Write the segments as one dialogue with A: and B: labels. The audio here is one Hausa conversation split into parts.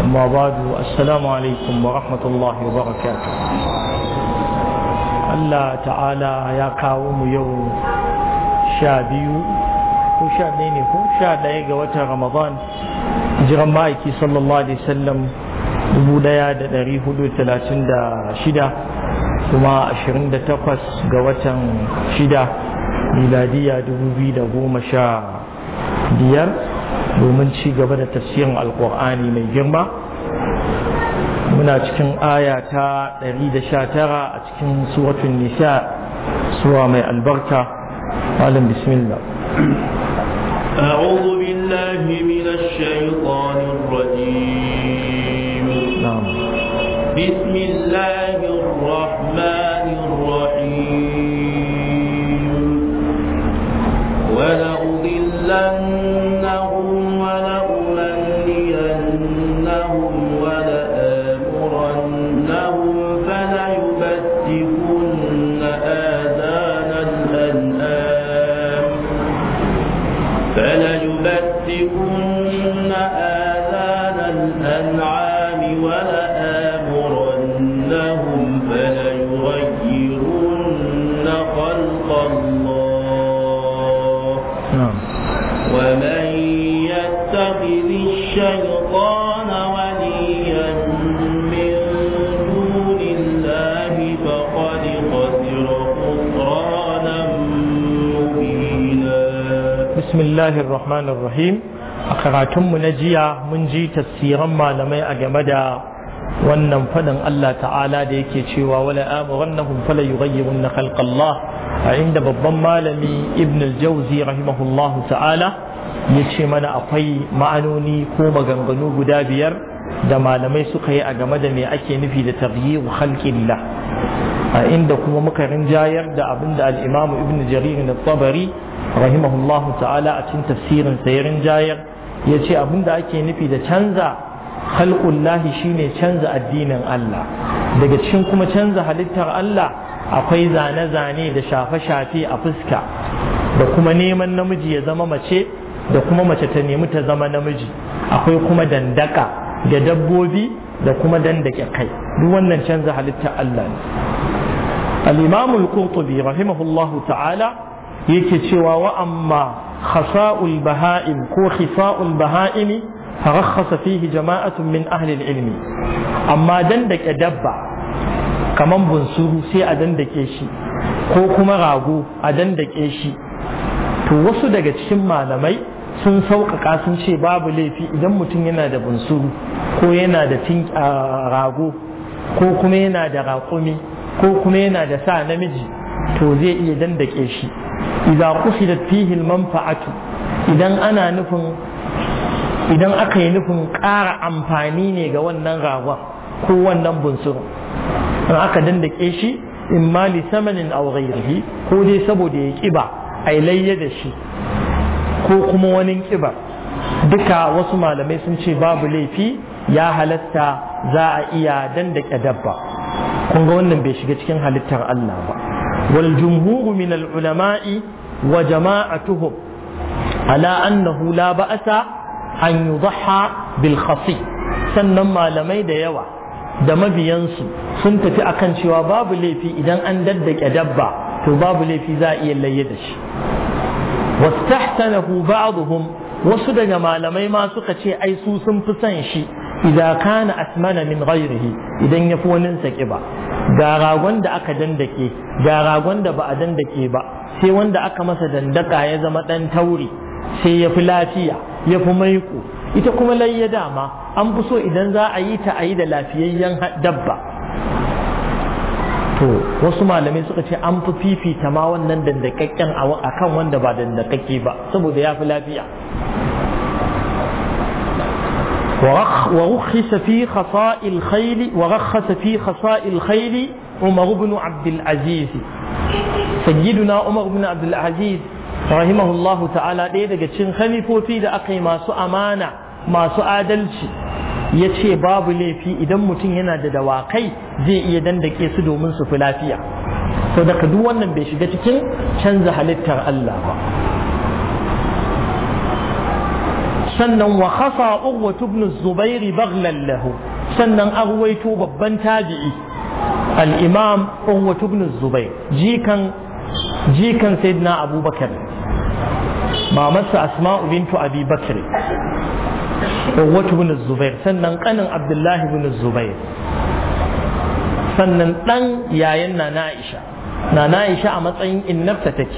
A: أما بعد السلام عليكم ورحمة الله وبركاته الله تعالى يا قوم يوم ko sha هو ga watan Ramadan. jiran ma'aiki sallallahu alaihi wasallam dubu da ɗari hudu talatin da shida kuma ashirin da takwas ga watan shida miladiya dubu biyu da goma sha biyar domin ci gaba da tafsirin alkur'ani mai girma muna cikin aya ta 119 a cikin suratun nisa suwa mai albarka malam bismillah
B: أعوذ بالله
A: bismillahir rahmanir rahim a karatunmu na jiya mun ji tafsiran malamai a game da wannan fadin Allah ta'ala da yake cewa wala amurannahum fala yughayyirunna khalqallah a inda babban malami ibn al-jawzi rahimahullahu ta'ala yace mana akwai ma'anoni ko maganganu guda biyar da malamai suka yi a game da me ake nufi da taghyiru khalqillah a inda kuma muka rinjayar da abinda al-imam ibn jarir na tabari rahimahullahu ta'ala a cikin tafsirin sayarin jayar ya ce abinda ake nufi da canza khalqullahi shine canza addinin Allah daga cikin kuma canza halittar Allah akwai zane-zane da shafe-shafe a fuska da kuma neman namiji ya zama mace da kuma mace ta nemi ta zama namiji akwai kuma dandaka da dabbobi da kuma dandake kai duk wannan canza halittar Allah ne al-imam al-qurtubi rahimahullahu ta'ala yake cewa wa amma khasa'ul baha'im ko khifa'ul baha'imi farakhasa fihi jama'atun min ahli ilmi amma dan da dabba kaman bunsuru sai a dandake shi ko kuma rago a dandaƙe shi to wasu daga cikin malamai sun sauƙaƙa sun ce babu laifi idan mutum yana da bunsuru ko yana da rago ko kuma yana da raƙumi ko kuma yana da sa namiji to zai iya dandaƙe shi idan kusidat fihi al-manfa'atu idan ana nufin idan aka yi nufin ƙara amfani ne ga wannan ragon ko wannan bunsurin in aka dandake shi in mali li samanin aw ghayrihi ko dai saboda ya kiba ai layya da shi ko kuma wani kiba duka wasu malamai sun ce babu laifi ya halatta za a iya dandake dabba kun ga wannan bai shiga cikin halittar Allah ba والجمهور من العلماء وجماعتهم على أنه لا بأس أن يضحى بالخصي bilkhafi, sannan malamai da yawa da mabiyansu sun tafi akan cewa babu laifi idan an daddake dabba to babu laifi za a iya laye da shi wastahsanahu ba'dhum wasu daga malamai ma suka ce ai su sun fi son shi idan kana asmana min ghairihi idan yafi wani sa kiba ga ragon da aka dandake ga ragon da ba a dandake ba sai wanda aka masa dandaka ya zama ɗan tauri sai ya fi lafiya ya fi maiko ita kuma layya dama an fi so idan za a yi ta a yi da lafiyayyen dabba to wasu malamai suka ce an fi fifita ma wannan dandakakken a kan wanda ba dandakakke ba saboda ya fi lafiya ورخ ورخص في خصاء الخيل ورخص في خصاء الخيل عمر بن عبد العزيز سيدنا عمر بن ɗaya daga cikin khalifofi da aka yi masu amana masu adalci ya ce babu laifi idan mutum yana da dawakai zai iya dandake su domin su fi lafiya to daga duk wannan bai shiga cikin canza halittar Allah ba sannan wa khasa urwa ibn zubair baghlan lahu sannan arwaito babban tabi'i al-imam urwa ibn zubair jikan jikan sayyidina abubakar mamarsa asma'u bintu abi bakr urwa ibn zubair sannan kanin abdullahi ibn zubair sannan dan yayan Nana Aisha Nana Aisha a matsayin innarta take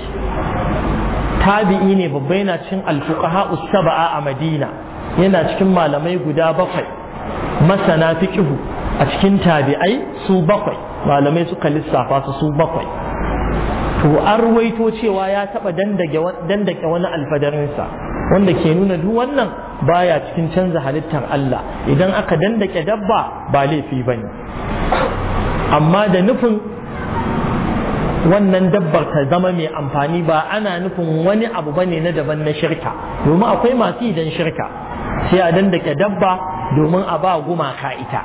A: tabi'i ne babba yana cikin alfuqaha usaba'a a madina yana cikin malamai guda bakwai masana fiqhu a cikin tabi'ai su bakwai malamai suka lissafa su su bakwai to an cewa ya taba dandake wani alfadarinsa wanda ke nuna duk wannan baya cikin canza halittar Allah idan aka dandake dabba ba laifi bane amma da nufin wannan dabbar ta zama mai amfani ba ana nufin wani abu bane na daban na shirka domin akwai masu idan shirka sai a dandake dabba domin a ba gumaka ita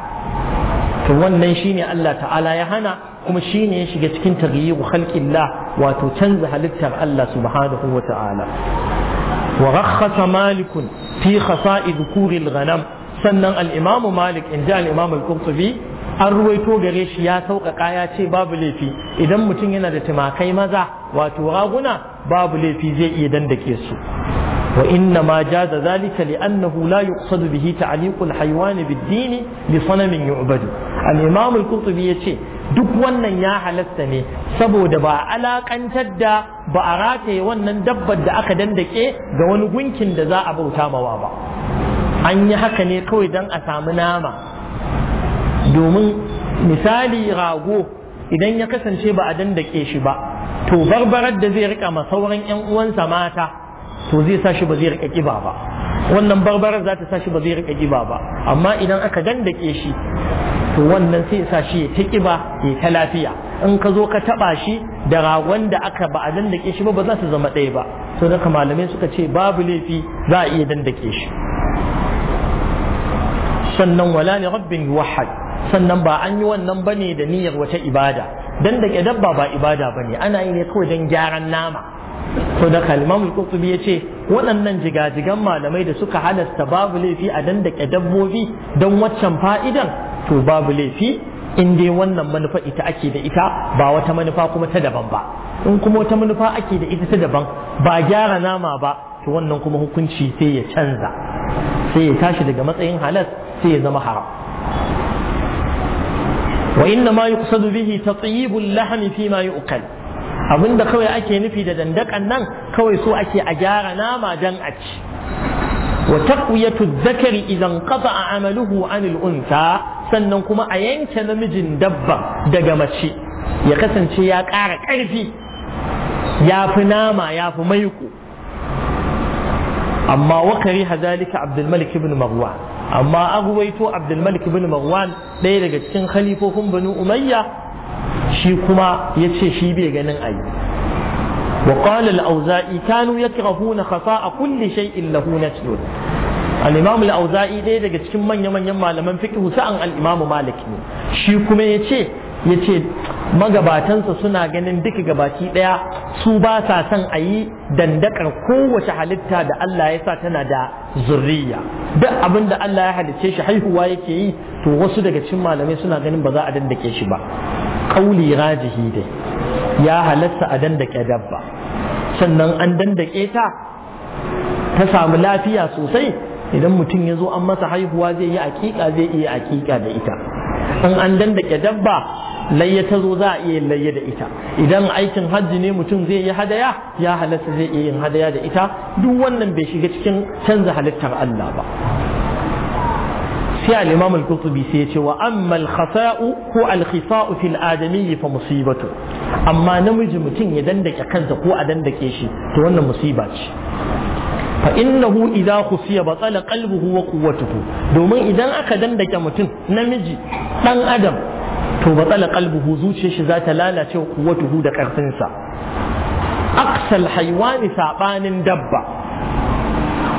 A: to wannan shine Allah ta'ala ya hana kuma shine ya shiga cikin taghyiru khalqillah wato canza halittar Allah subhanahu wa ta'ala wa rakhasa malik fi khasa'i dhukuri al-ghanam sannan al-imam malik inda al-imam al-qurtubi an ruwaito gare shi ya sauƙaƙa ya ce babu laifi idan mutum yana da tumakai maza wato raguna babu laifi zai iya dandake su wa inna ma jaza zalika li annahu la yuqsadu bihi ta'liqu al-hayawan bid-din li sanamin yu'badu al-imam al-qurtubi yace duk wannan ya halasta ne saboda ba alakantar da ba a rataye wannan dabbar da aka dandake ga wani gunkin da za a bauta mawa ba an yi haka ne kawai don a samu nama domin misali rago idan ya kasance ba a dandake shi ba to barbarar da zai rika ma sauran yan uwansa mata to zai sa shi ba zai rika kiba ba wannan barbarar za ta sa shi ba zai rika kiba ba amma idan aka dandake shi to wannan sai sa shi ya ta kiba ya ta lafiya in ka zo ka taba shi da ragon da aka ba a dandake shi ba ba za su zama ɗaya ba to daga malamai suka ce babu laifi za a iya dandake shi sannan wala ne rabbin wahad sannan ba an yi wannan bane da niyyar wata ibada dan da ke dabba ba ibada bane ana yi ne kawai dan gyaran nama to da kalimam al ya ce waɗannan jigajigan malamai da suka halasta babu laifi a dan da ke dabbobi dan waccan fa'idan to babu laifi in dai wannan manufa ita ake da ita ba wata manufa kuma ta daban ba in kuma wata manufa ake da ita ta daban ba gyara nama ba to wannan kuma hukunci sai ya canza sai ya tashi daga matsayin halas sai ya zama haram wa inna ma yuqsadu bihi tatyibul lahmi fi ma yuqal abinda kawai ake nufi da dandakan nan kawai su ake a gyara nama dan a ci wa taqwiyatu dhakari idan qata'a amaluhu anil unsa sannan kuma a yanke namijin dabba daga mace ya kasance ya ƙara ƙarfi ya fi nama ya fi maiko amma wakari zalika abdulmalik ibn marwan amma an ruwaito abdulmalik bin marwan ɗaya daga cikin khalifofin banu umayya shi kuma ya ce shi bai ganin ayi وقال الأوزائي كانوا يكرهون a kulle شيء له نسل الإمام auza'i ɗaya daga cikin manya manyan malaman fiqh sa'an al-Imam Malik ne shi kuma yace yace magabatansa suna ganin duka gabaki ɗaya su ba sa son a yi dandakar kowace halitta da Allah ya sa tana da zurriya duk abin da Allah ya halicce shi haihuwa yake yi to wasu daga cikin malamai suna ganin ba za a dandake shi ba kauli rajihi dai ya halatta a dandake dabba sannan an dandake ta ta samu lafiya sosai idan mutum ya zo an masa haihuwa zai yi aƙiƙa zai iya aƙiƙa da ita in an dandake dabba layya ta zo za a iya layya da ita idan aikin hajji ne mutum zai yi hadaya ya halatta zai iya yin hadaya da ita duk wannan bai shiga cikin canza halittar Allah ba sai al-imam al-qurtubi sai ya ce wa amma al-khasa'u ko al-khifa'u fil adami fa musibatu amma namiji mutum ya dandake kansa ko a dandake shi to wannan musiba ce fa innahu idza khusiya batala qalbuhu wa quwwatuhu domin idan aka dandake mutum namiji dan adam to batsala qalbuhu zuciyar shi za ta lalace kuwatuhu da ƙarfinsa aksal haiwani saɓanin dabba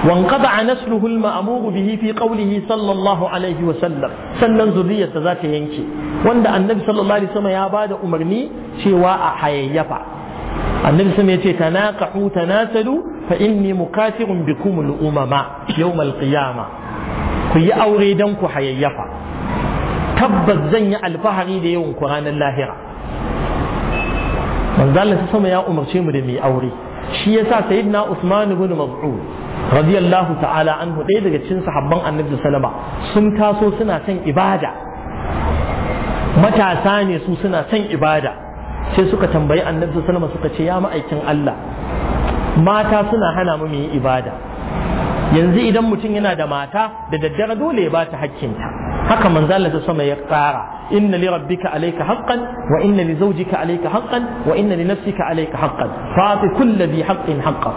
A: وانقطع نسله المأمور به في قوله صلى الله عليه وسلم سنن ذرية ذات ينكي وند النبي صلى الله عليه وسلم يا بعد أمرني شواء حييفا النبي صلى الله عليه وسلم تناقحوا تناسلوا فإني مكاثر بكم الأمم يوم القيامة كي أوريدنك حييفا tabbas zan yi alfahari da yawan lahira manzalin su sama ya umarce mu da mai aure shi yasa sayyidina Usman ibn mas'ud radiyallahu ta'ala anhu ɗaya daga cikin sahabban Annabi sallama sun taso suna son ibada matasa ne su suna son ibada sai suka tambayi Annabi sallama suka ce ya ma'aikin Allah mata suna hana mu yi ibada yanzu idan mutum yana da mata da daddare dole ya ba ta hakkinta haka manzo Allah sama ya tsara inna li rabbika alayka haqqan wa inna li zawjika alayka haqqan wa inna li nafsika alayka haqqan fa'ti kulli bi haqqin haqqan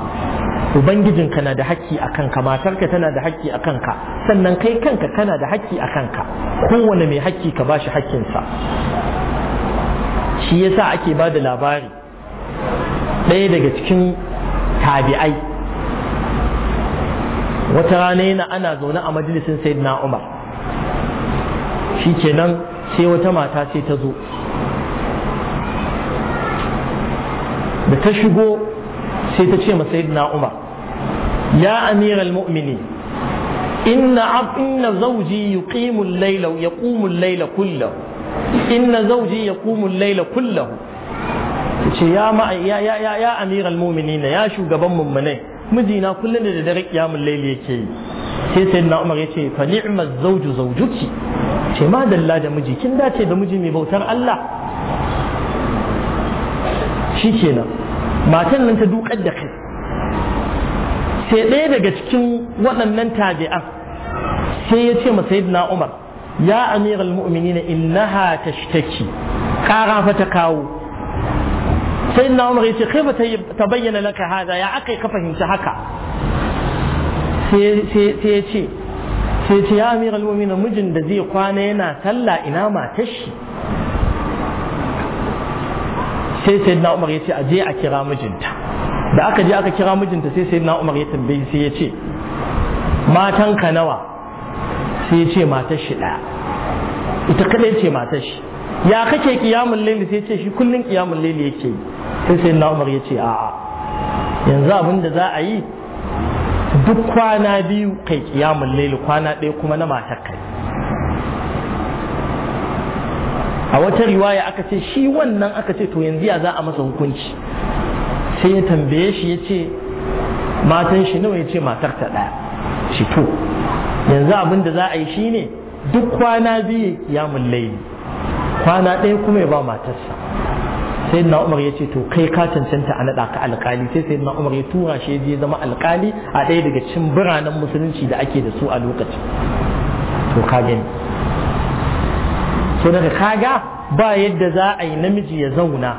A: ubangijinka kana da haƙƙi a kanka matarka tana da haƙƙi a kanka sannan kai kanka kana da haƙƙi a kanka kowane mai haƙƙi ka bashi haƙƙinsa shi yasa ake ba da labari ɗaya daga cikin tabi'ai wata rana yana ana zaune a majalisin sayyidina umar shi kenan sai wata mata sai ta zo da ta shigo sai ta ce masa na umar ya amiral mu'mini inna ab zauji yi yuqimu laila ya yaqumu laila layla kullahu inna zawji yaqumu al-layla kullahu ce ya ya ya ya amiral ya shugaban mummunai mijina kullum da dare kiyamul layli yake yi sai sai na umar ya ce fa ni'mar zauju zaujuki ce ma dalla da miji kin dace da miji mai bautar Allah shi nan, matan nan ta dukar da kai sai ɗaya daga cikin waɗannan tabi'a sai ya ce masa na umar ya amiral na innaha tashtaki kara fa ta kawo sai na umar ya ce kai ba ta bayyana laka haza ya aka ka fahimci haka sai ya ce sai ce ya amir na mijin da zai kwana yana sallah ina matar shi sai sai na umar ya ce aje a kira mijinta da aka je aka kira mijinta sai sai na umar ya tambayi sai ya ce matan ka nawa sai ya ce matar shi ɗaya ita ya ce matar shi ya kake kiyamun laili sai ce shi kullum kiyamun laili yake yi sai sai na umar ya ce a'a yanzu abin da za a yi duk kwana biyu kai kiyamun laili kwana ɗaya kuma na matar kai a wata riwaya aka ce shi wannan aka ce to yanzu ya za a masa hukunci sai ya tambaye shi ya ce matan shi nawa ya ce matar ta ɗaya shi to yanzu abin da za a yi shi ne duk kwana biyu kiyamun laili kwana ɗaya kuma ya ba matarsa sayyidina umar ya ce to kai ka cancanta a naɗa ka alƙali sai sayyidina umar ya tura shi ya zama alƙali a ɗaya daga cikin biranen musulunci da ake da su a lokaci. to ka gani so daga kaga ba yadda za a yi namiji ya zauna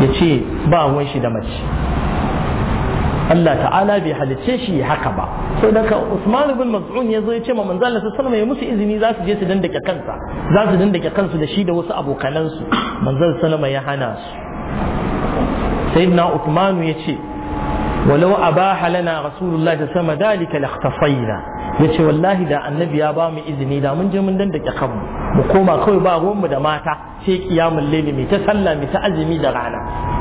A: ya ce ba wani shi da mace Allah ta'ala bai halicce shi haka ba sai daga Usman ibn Mas'ud ya zo ya ce ma manzo Allah sallallahu alaihi musu izini za su je su dandake kansa za su dandake kansu da shi da wasu abokanan su manzo sallama ya hana su sayyidina Uthman ya ce walau abaha lana rasulullahi sama dalika lakhtafaina yace wallahi da annabi ya ba mu izini da mun je mun dandake kanmu mu koma kawai ba ruwan mu da mata sai kiyamul laili mai ta sallah mai ta azumi da rana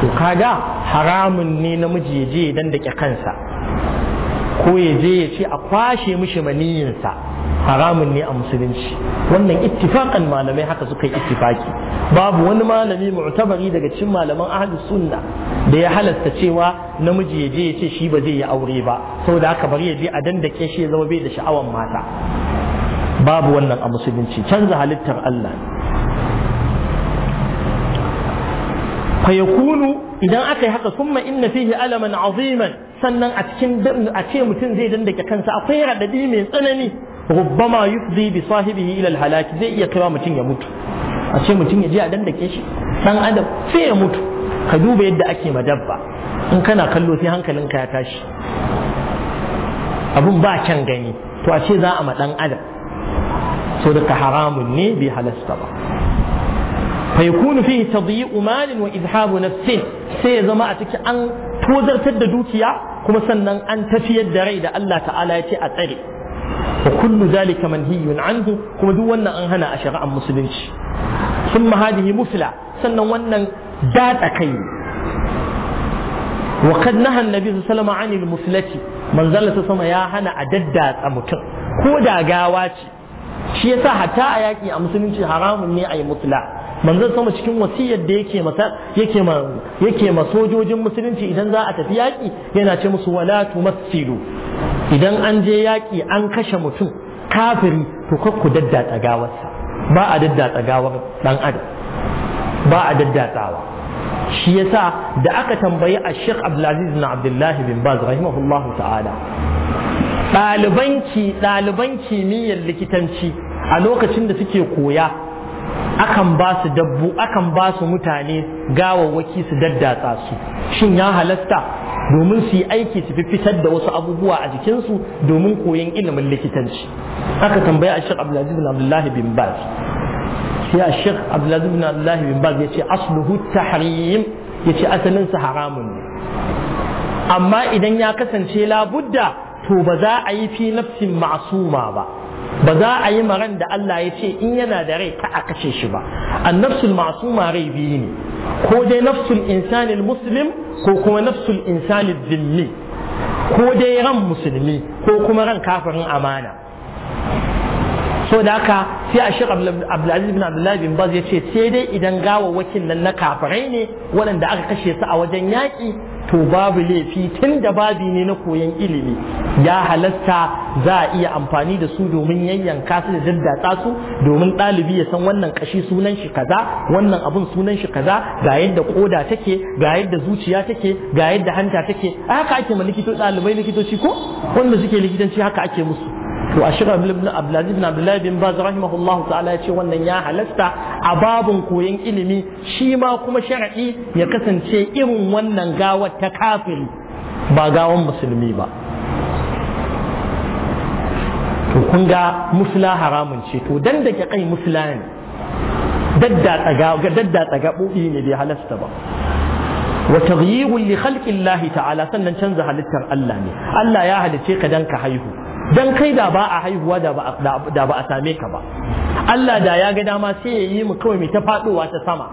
A: to kaga haramun ne namiji ya je dan dake kansa ko ya je ya ce a kwashe mishi maniyinsa haramun ne a musulunci wannan ittifakan malamai haka suka yi ittifaki babu wani malami mu'tabari daga cikin malaman ahli sunna da ya halasta cewa namiji ya je ya ce shi ba zai yi aure ba saboda haka bari ya je a dandake shi ya zama bai da sha'awar mata babu wannan a musulunci canza halittar Allah fa idan aka yi haka summa inna fihi alaman aziman sannan a cikin a ce mutum zai dandake kansa akwai radadi mai tsanani rubbama yufdi bi sahibihi ila al zai iya kaiwa mutum ya mutu a ce mutum ya je a dandake shi dan adam sai ya mutu ka duba yadda ake madabba in kana kallo sai hankalinka ya tashi abun ba kyan gani to a ce za a ma dan adam daga haramun ne bai halasta ba fa yakunu fihi tadyi'u malin wa izhabu nafsin sai ya zama a ciki an tozartar da dukiya kuma sannan an tafiyar da rai da Allah ta'ala ya ce a tsare wa kullu zalika manhiyun anhu kuma duk wannan an hana a shari'ar musulunci thumma hadhihi mufla sannan wannan dada kai wa kad naha annabi sallallahu alaihi wasallam muflati manzalata sama ya hana a daddatsa mutum ko da gawa ce shi yasa hatta a yaki a musulunci haramun ne a yi mutla manzon sama cikin wasiyar da yake masa yake ma yake ma sojojin musulunci idan za a tafi yaƙi yana ce musu wala tumassilu idan an je yaƙi an kashe mutum kafiri to kar ku daddatsa gawarsa ba a daddatsa gawar dan adam ba a daddatsawa shi yasa da aka tambayi a Sheikh Abdulaziz na Abdullahi bin Baz rahimahullahu ta'ala ɗaliban kimiyyar likitanci a lokacin da suke koya akan ba su dabbu akan ba su mutane gawawwaki su daddatsa su shin ya halatta domin su yi aiki su fitar da wasu abubuwa a jikinsu domin koyon ilimin likitanci aka tambaya ashir abdulaziz bin abdullahi bin baz sai ashir abdulaziz bin abdullahi bin baz ya ce asluhu tahrim ya ce asalinsa haramun ne amma idan ya kasance labudda to ba za a yi fi nafsin ma'asuma ba ba za a yi maran da Allah ya ce in yana da rai ka a kashe shi ba nafsul ma'suma rai biyu ne ko dai nafsul insanil muslim ko kuma nafsul insanil ko dai ran musulmi ko kuma ran kafirin amana so da haka sai a shi abdulaziz bin abdullahi bin baz ya ce sai dai idan gawawwakin nan na kafirai ne waɗanda aka kashe su a wajen yaƙi to babu laifi tun da babi ne na koyon ilimi ya halatta za a iya amfani da su domin yayyanka su da daddatsa su domin ɗalibi ya san wannan ƙashi sunan shi kaza wannan abun sunan shi kaza ga yadda koda take ga yadda zuciya take ga yadda hanta take haka ake ma likito ɗalibai likitoci ko wanda suke likitanci haka ake musu to a shirar ibn abdulaziz ibn abdullahi bin baz rahimahullah ta'ala ya ce wannan ya halasta a babun koyon ilimi shi ma kuma shar'i ya kasance irin wannan gawar ta kafiri ba gawan musulmi ba to kun ga musula haramun ce to dan da ke kai musula ne tsaga gaɓoɓi ne bai halasta ba wa taghyirun li khalqi Allah ta'ala sannan canza halittar Allah ne Allah ya halice ka dan ka haihu dan kai da ba a haihuwa da ba a same ka ba Allah da ya ga dama sai ya yi mu kawai mai ta faɗowa ta sama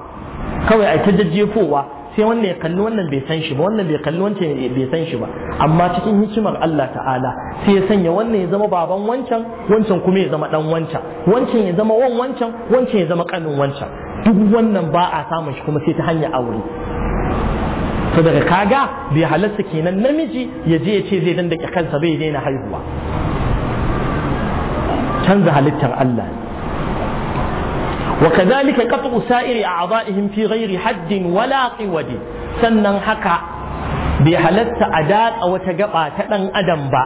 A: kawai a ta jajjefowa sai wannan ya kalli wannan bai san shi ba wannan bai kalli wancan bai san shi ba amma cikin hikimar Allah ta'ala sai ya sanya wannan ya zama baban wancan wancan kuma ya zama dan wancan wancan ya zama wan wancan wancan ya zama kanin wancan duk wannan ba a samun shi kuma sai ta hanyar aure so daga kaga bai halarta kenan namiji ya je ya ce zai dandake kansa bai daina haihuwa canza halittar Allah wa kadhalika qat'u sa'iri a'dha'ihim fi ghairi haddin wala waje. sannan haka bai halatta a datsa wata gaɓa ta dan adam ba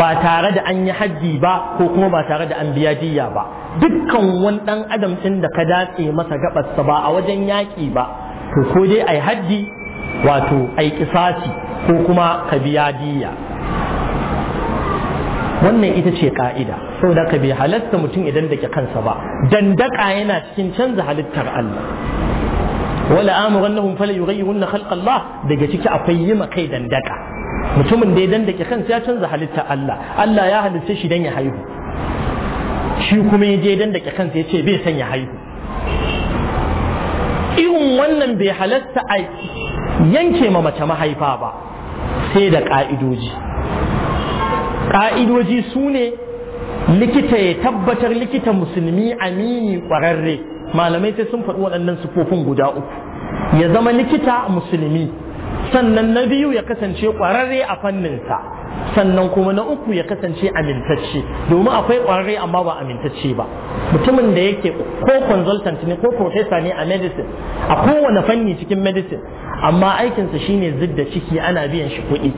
A: ba tare da an haddi ba ko kuma ba tare da an biya diya ba dukkan wani dan adam din da ka datse masa gaɓarsa ba a wajen yaƙi ba to ko dai ai haddi wato ai kisasi ko kuma ka biya diya wannan ita ce ka'ida saboda ka bai halatta mutum idan da ke kansa ba dandaka yana cikin canza halittar Allah wala amurannahum fala yughayyirunna khalq Allah daga ciki akwai yima kai dandaka mutumin da ya dandake kansa ya canza halittar Allah Allah ya halitta shi dan ya haihu shi kuma ya je dandake kansa ya ce bai san ya haihu irin wannan bai halatta ai. yanke ma mace mahaifa ba sai da ƙa'idoji ƙa'idoji su ne likita ya tabbatar likita musulmi amini ƙwararre malamai sai sun faɗi waɗannan sufofin guda uku ya zama likita musulmi sannan na biyu ya kasance ƙwararre a fanninsa sannan kuma na uku ya kasance amintacce domin akwai ƙwararre amma ba amintacce ba mutumin da yake ko consultant ne ko professor ne a medicine a kowane fanni cikin medicine amma aikinsa shine zidda ciki ana biyan shi kuɗi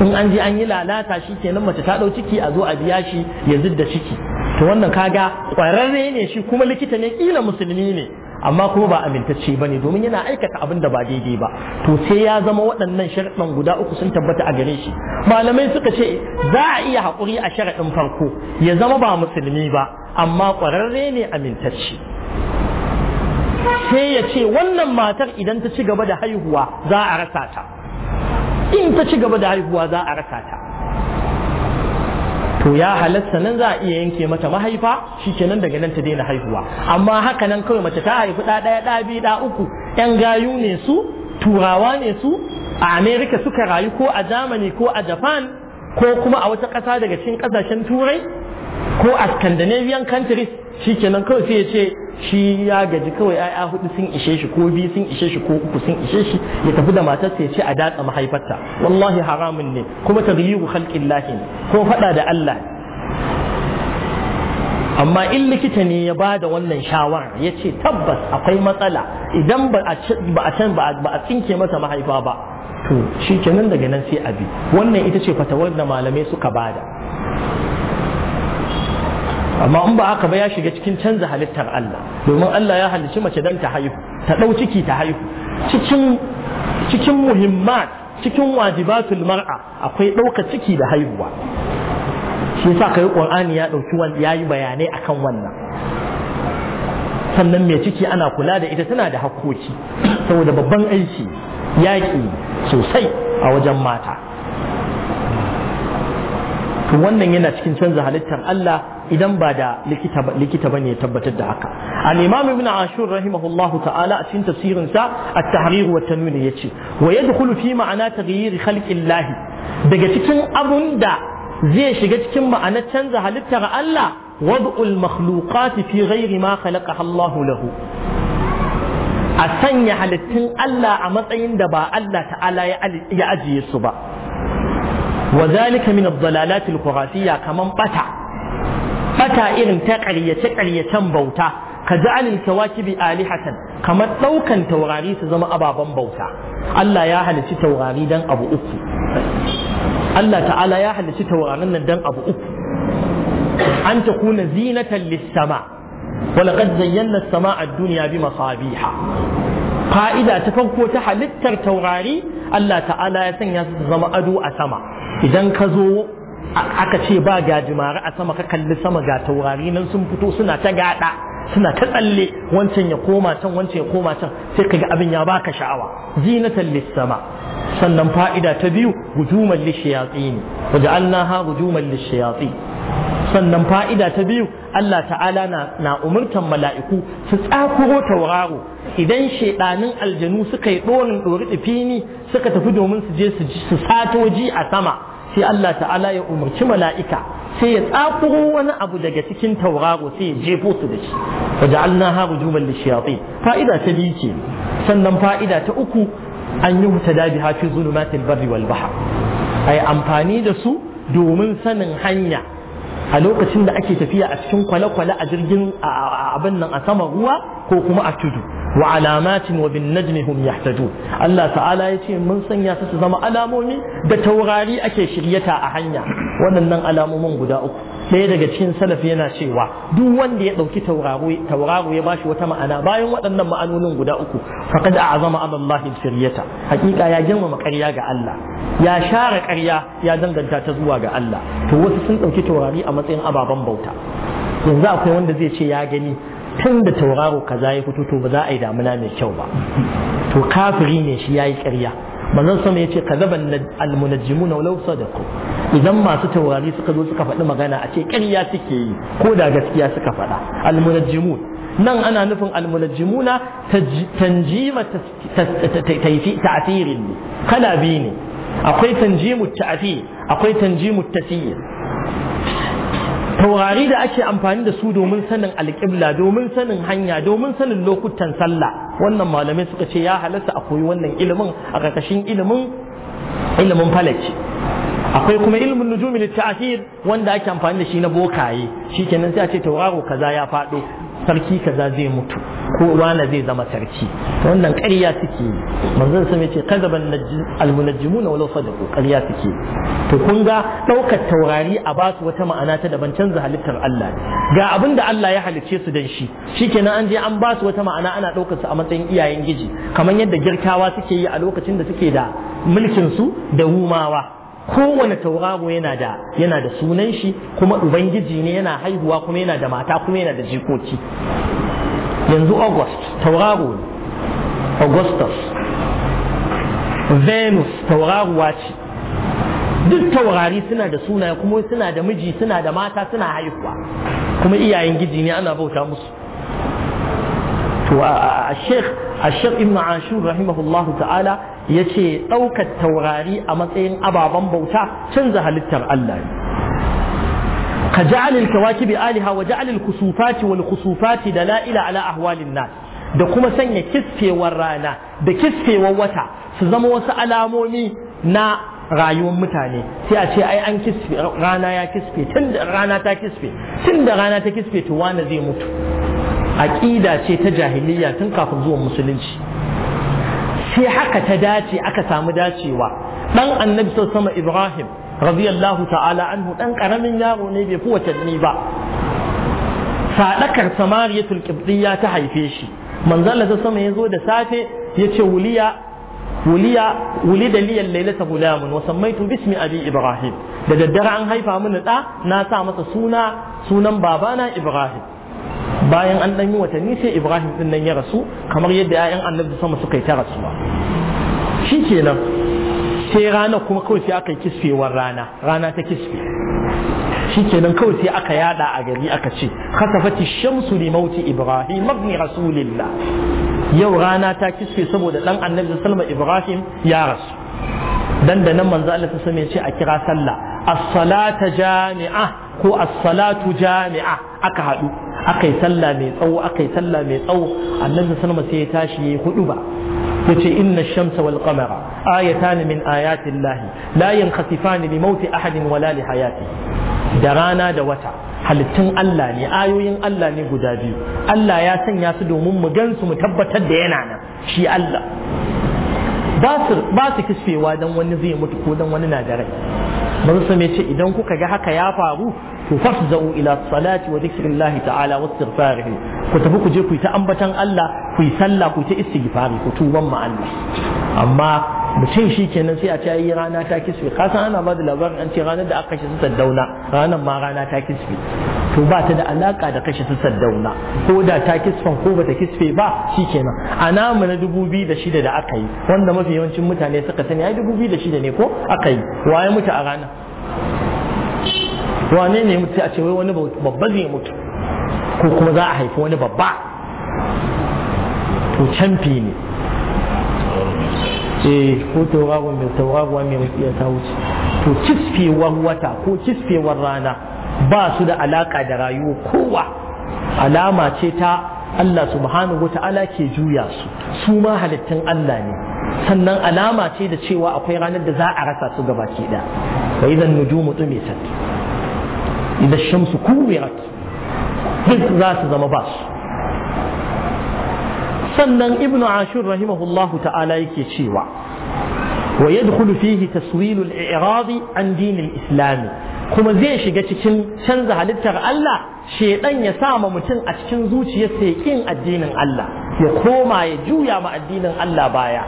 A: in an ji an yi lalata shi kenan mace ta ɗau ciki a zo a biya shi ya zidda ciki to wannan kaga ƙwararre ne shi kuma likita ne ƙila musulmi ne amma kuma ba amintacce ba ne domin yana aikata abin da ba daidai ba to sai ya zama waɗannan sharaɗin guda uku sun tabbata a gare shi malamai suka ce za a iya haƙuri a sharaɗin farko ya zama ba musulmi ba amma ƙwararre ne amintacce sai ya ce wannan matar idan ta ci gaba da haihuwa za rasa ta in ta ci gaba da haihuwa za a rasa ta to ya halatta nan za a iya yanke mata mahaifa shi nan daga nan ta daina haihuwa amma haka nan kawai mace ta haifi ɗa ɗaya ɗa biyu da uku yan gayu ne su turawa ne su a america suka rayu ko a germany ko a japan ko kuma a wata ƙasa daga cikin ƙasashen turai ko a scandinavian countries shi nan kawai sai ya ce shi ya gaji kawai ya'ya hudu sun ishe shi ko biyu sun ishe shi ko uku sun ishe shi ya tafi da matarsa ya ce a datsa mahaifarta wallahi haramun ne kuma ta taghyiru halƙin ne ko faɗa da Allah amma in likita ne ya ba da wannan shawara ya ce tabbas akwai matsala idan ba a can ba a tsinke masa mahaifa ba to shi kenan daga nan sai abi wannan ita ce fatawar da malamai suka bada amma in ba haka ba ya shiga cikin canza halittar Allah domin Allah ya halicci mace dan ta haihu ta ɗau ciki ta haihu cikin cikin muhimmat cikin wajibatul mar'a akwai ɗauka ciki da haihuwa shi yasa kai qur'ani ya dauki yayi bayanai akan wannan sannan mai ciki ana kula da ita tana da hakkoki saboda babban aiki yaƙi sosai a wajen mata to wannan yana cikin canza halittar Allah idan ba da likita ba ne ya tabbatar da haka al-imam ibn ashur rahimahullahu ta'ala a cikin tafsirin sa at-tahrir wa tanwin yace wa yadkhulu fi ma'ana taghyir halkillahi. daga cikin abun da zai shiga cikin ma'anar canza halittar Allah wadul المخلوقات في غير ما خلقها الله a sanya halittun Allah a matsayin da ba Allah ta'ala ya ajiye su ba wa zalika min ad-dalalat al-khurafiyya kaman bata irin ta ƙaryace ƙaryacen bauta ka ja'alil kawakibi kamar ɗaukan taurari su zama ababen bauta Allah ya halici taurari dan abu uku Allah ta'ala ya halici taurarin nan dan abu uku an ta kuna zinatan lissama ولقد زينا السماء الدنيا بمصابيح قائدة تفوق تحلت ترتوغاري الله تعالى يسن يسزم أدو أسما idan ka zo aka ce ba gajimare a sama ka kalli sama ga taurari nan sun fito suna ta gada suna ta tsalle wancan ya koma can wancan ya koma can sai ka ga abin ya baka sha'awa zinatan lissama sannan fa'ida ta biyu gujuman lishiyatsini waja'alnaha gujuman lishiyatsini sannan fa'ida ta biyu Allah ta'ala na umurtan mala'iku su tsakuro tauraro idan shaidanin aljanu suka yi dorin dori tsifini suka tafi domin su je su sato ji a sama sai Allah ta'ala ya umarci mala'ika sai ya tsakuro wani abu daga cikin tauraro sai ya jefo su da shi waja'alna ha rujuman lishayatin fa'ida ta biyu ce sannan fa'ida ta uku an yi hutada biha fi zulumatil barri wal bahr ai amfani da su domin sanin hanya a lokacin da ake tafiya a cikin kwale-kwale a jirgin abin nan a sama ruwa ko kuma a tudu wa alamatin wa bin najmi hum yahtadu Allah ta'ala ya ce mun sanya su su zama alamomi da taurari ake shiryata a hanya waɗannan alamomin guda uku ɗaya daga cikin salaf yana cewa duk wanda ya ɗauki tauraro ya bashi wata ma'ana bayan waɗannan ma'anonin guda uku a a'zama amallahi shiryata hakika ya girmama ƙarya ga Allah ya share ƙarya ya danganta ta zuwa ga Allah to wasu sun ɗauki taurari a matsayin ababen bauta yanzu akwai wanda zai ce ya gani tun da tauraro kaza ya fito to ba za a yi damuna mai kyau ba to kafiri ne shi ya yayi ƙarya manzon sama ce kazaban almunajjimuna walau sadaqu idan masu taurari suka zo suka faɗi magana a ce ƙarya suke yi ko da gaskiya suka faɗa almunajjimun nan ana nufin almunajjimuna tanjima ta'asirin ne kala biyu ne akwai tanjimu ta'asir akwai tanjimu tasir taurari da ake amfani da su domin sanin alƙibla domin sanin hanya domin sanin lokutan sallah wannan malamai suka ce ya halatta a koyi wannan ilimin a ƙarƙashin ilimin ilimin falaki akwai kuma ilmin nujumi litta'akhir wanda ake amfani da shi na bokaye shikenan sai a ce tauraro kaza ya fado sarki kaza zai mutu ko wani zai zama sarki to wannan ƙarya suke manzon sun ce kazaban almunajjimuna walau sadaqu ƙarya suke to kun ga daukar taurari a ba su wata ma'ana ta daban canza halittar Allah ga abin da Allah ya halicce su dan shi shikenan an je an ba su wata ma'ana ana daukar su a matsayin iyayen giji kamar yadda girkawa suke yi a lokacin da suke da mulkin su da rumawa kowane tauraro yana da yana da sunan shi kuma ubangiji ne yana haihuwa kuma yana da mata kuma yana da jikoki yanzu august tauraro ne augustus venus tauraruwa ce duk taurari suna da suna kuma suna da miji suna da mata suna haihuwa kuma iyayen giji ne ana bauta musu to a sheikh a sheikh ibn ashur rahimahullahu ta'ala ya ce ɗaukar taurari a matsayin ababen bauta canza halittar Allah ka ja'alil kawakibi aliha wa alil kusufati wal kusufati da la'ila ala ahwalin nan. da kuma sanya kiskewar rana da kiskewar wata su zama wasu alamomi na rayuwar mutane sai a ce ai an kisfe rana ya kisfe tun da rana ta kisfe tun da rana ta kisfe to wane zai mutu aqida ce ta jahiliya tun kafin zuwan musulunci sai haka ta dace aka samu dacewa dan annabi sama ibrahim radiyallahu ta'ala anhu dan karamin yaro ne bai fi watanni ba sadakar samariya qibtiyya ta haife shi manzala Allah sama ya zo da safe yace wuliya wuliya wulida liya lailata gulamun wa sammaitu bismi abi ibrahim da daddare an haifa mini da na sa masa suna sunan babana ibrahim bayan an ɗan yi watanni sai ibrahim ɗin nan ya rasu kamar yadda 'ya'yan annabi sama suka yi ta ba. shi kenan sai rana kuma kawai sai aka yi kisfewar rana rana ta kisfe shi kenan kawai sai aka yada a gari aka ce khasafati shamsu li mauti ibrahim ibn rasulillah yau rana ta kisfe saboda dan annabi sallama ibrahim ya rasu dan da nan manzo Allah ya ce a kira sallah as-salata jami'a ko as-salatu jami'a aka hadu akai sallah mai tsawo akai sallah mai tsawo annabi sallama sai ya tashi yi hudu ba yace inna shamsa wal qamara ayatan min ayati llah la yanqasifan bi mauti ahadin wala li hayati da rana da wata halittun Allah ne ayoyin Allah ne guda biyu Allah ya sanya su domin mu gansu mu tabbatar da yana nan shi Allah ba su kisfewa don wani zai mutu ko don wani na da rai manzo ce idan kuka ga haka ya faru to fafzau ila salati wa dhikrillahi ta'ala wasu istighfarihi ku tafi ku je ku yi ta ambatan Allah ku yi sallah ku yi ta ku tuban ma amma mutum shi kenan sai a ce yi rana ta kisbe kasan ana ba da labarin an ce ranar da aka kashe su saddauna ranar ma rana ta kisbe to ba ta da alaka da kashe su saddauna ko da ta kisfan ko bata kisfe ba shi kenan a namu na dubu biyu da shida da aka yi wanda mafi yawancin mutane suka sani ai dubu biyu da shida ne ko aka yi waye mutu a ranar wane ne mutu a ce wai wani babba zai mutu ko kuma za a haifi wani babba to canfi ne eh ko tauraro mai wa mai rakiya ta wuce to kisfewar wata ko kisfewar rana ba su da alaka da rayuwa kowa alama ce ta Allah subhanahu wa ta'ala ke juya su su ma halittun Allah ne sannan alama ce da cewa akwai ranar da za a rasa su gabaki da wa idan nujumu tumisat Da shamsu kuwirat duk za su zama ba su sannan ibn ashur rahimahullahu ta'ala yake cewa wa yadkhulu fihi taswilu al-i'rad an din al-islam kuma zai shiga cikin canza halittar Allah shedan ya sama mutum a cikin zuciyarsa ya kin addinin Allah ya koma ya juya ma addinin Allah baya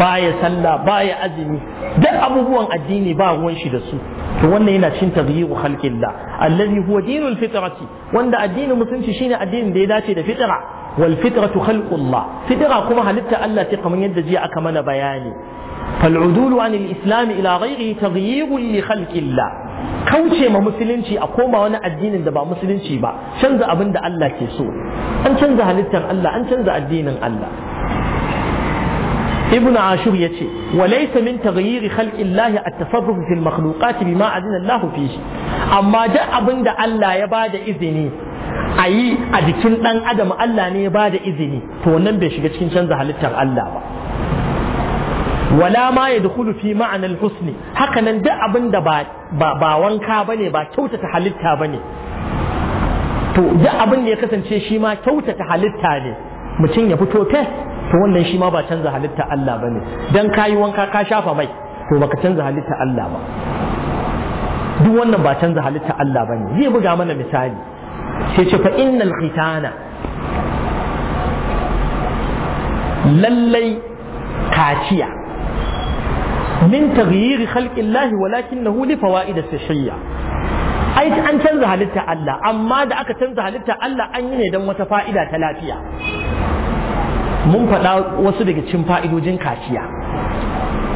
A: baya sallah baya azumi duk abubuwan addini ba ruwan shi da su to wannan yana cin taghyiru khalqillah allazi huwa dinul fitrati wanda addinin musulunci shine addinin da ya dace da fitra wal fitratu khalqullah fitra kuma halitta Allah ce kamar yadda jiya aka mana bayani فالعدول عن الإسلام إلى غيره تغيير لخلق الله kauce ma musulunci a koma wani addinin da ba musulunci ba canza abin da Allah ke so an canza halittar Allah an canza addinin Allah ibn ashur yace wa laysa min taghyir khalqi Allah at-tasarruf fil makhluqat bima adina Allah fihi amma da abin da Allah ya bada izini a yi a jikin dan adam Allah ne ya bada izini to wannan bai shiga cikin canza halittar Allah ba wala ma ya dukulu ma'anar husni hakanan nan duk ba wanka ba ba kyautata halitta ba to duk abin ya kasance shi ma kyautata halitta ne mutum ya fito fes to wannan shi ba canza halitta Allah ba don ka yi wanka ka shafa mai to baka canza halitta Allah ba duk wannan ba canza halitta Allah ba zai buga mana misali sai lallai kaciya min taghyiri khalqillahi walakinahu li fawaid sihhiyya ai an canza halitta Allah amma da aka canza halitta Allah an yi ne don wata fa'ida ta lafiya mun faɗa wasu daga cikin fa'idojin kaciya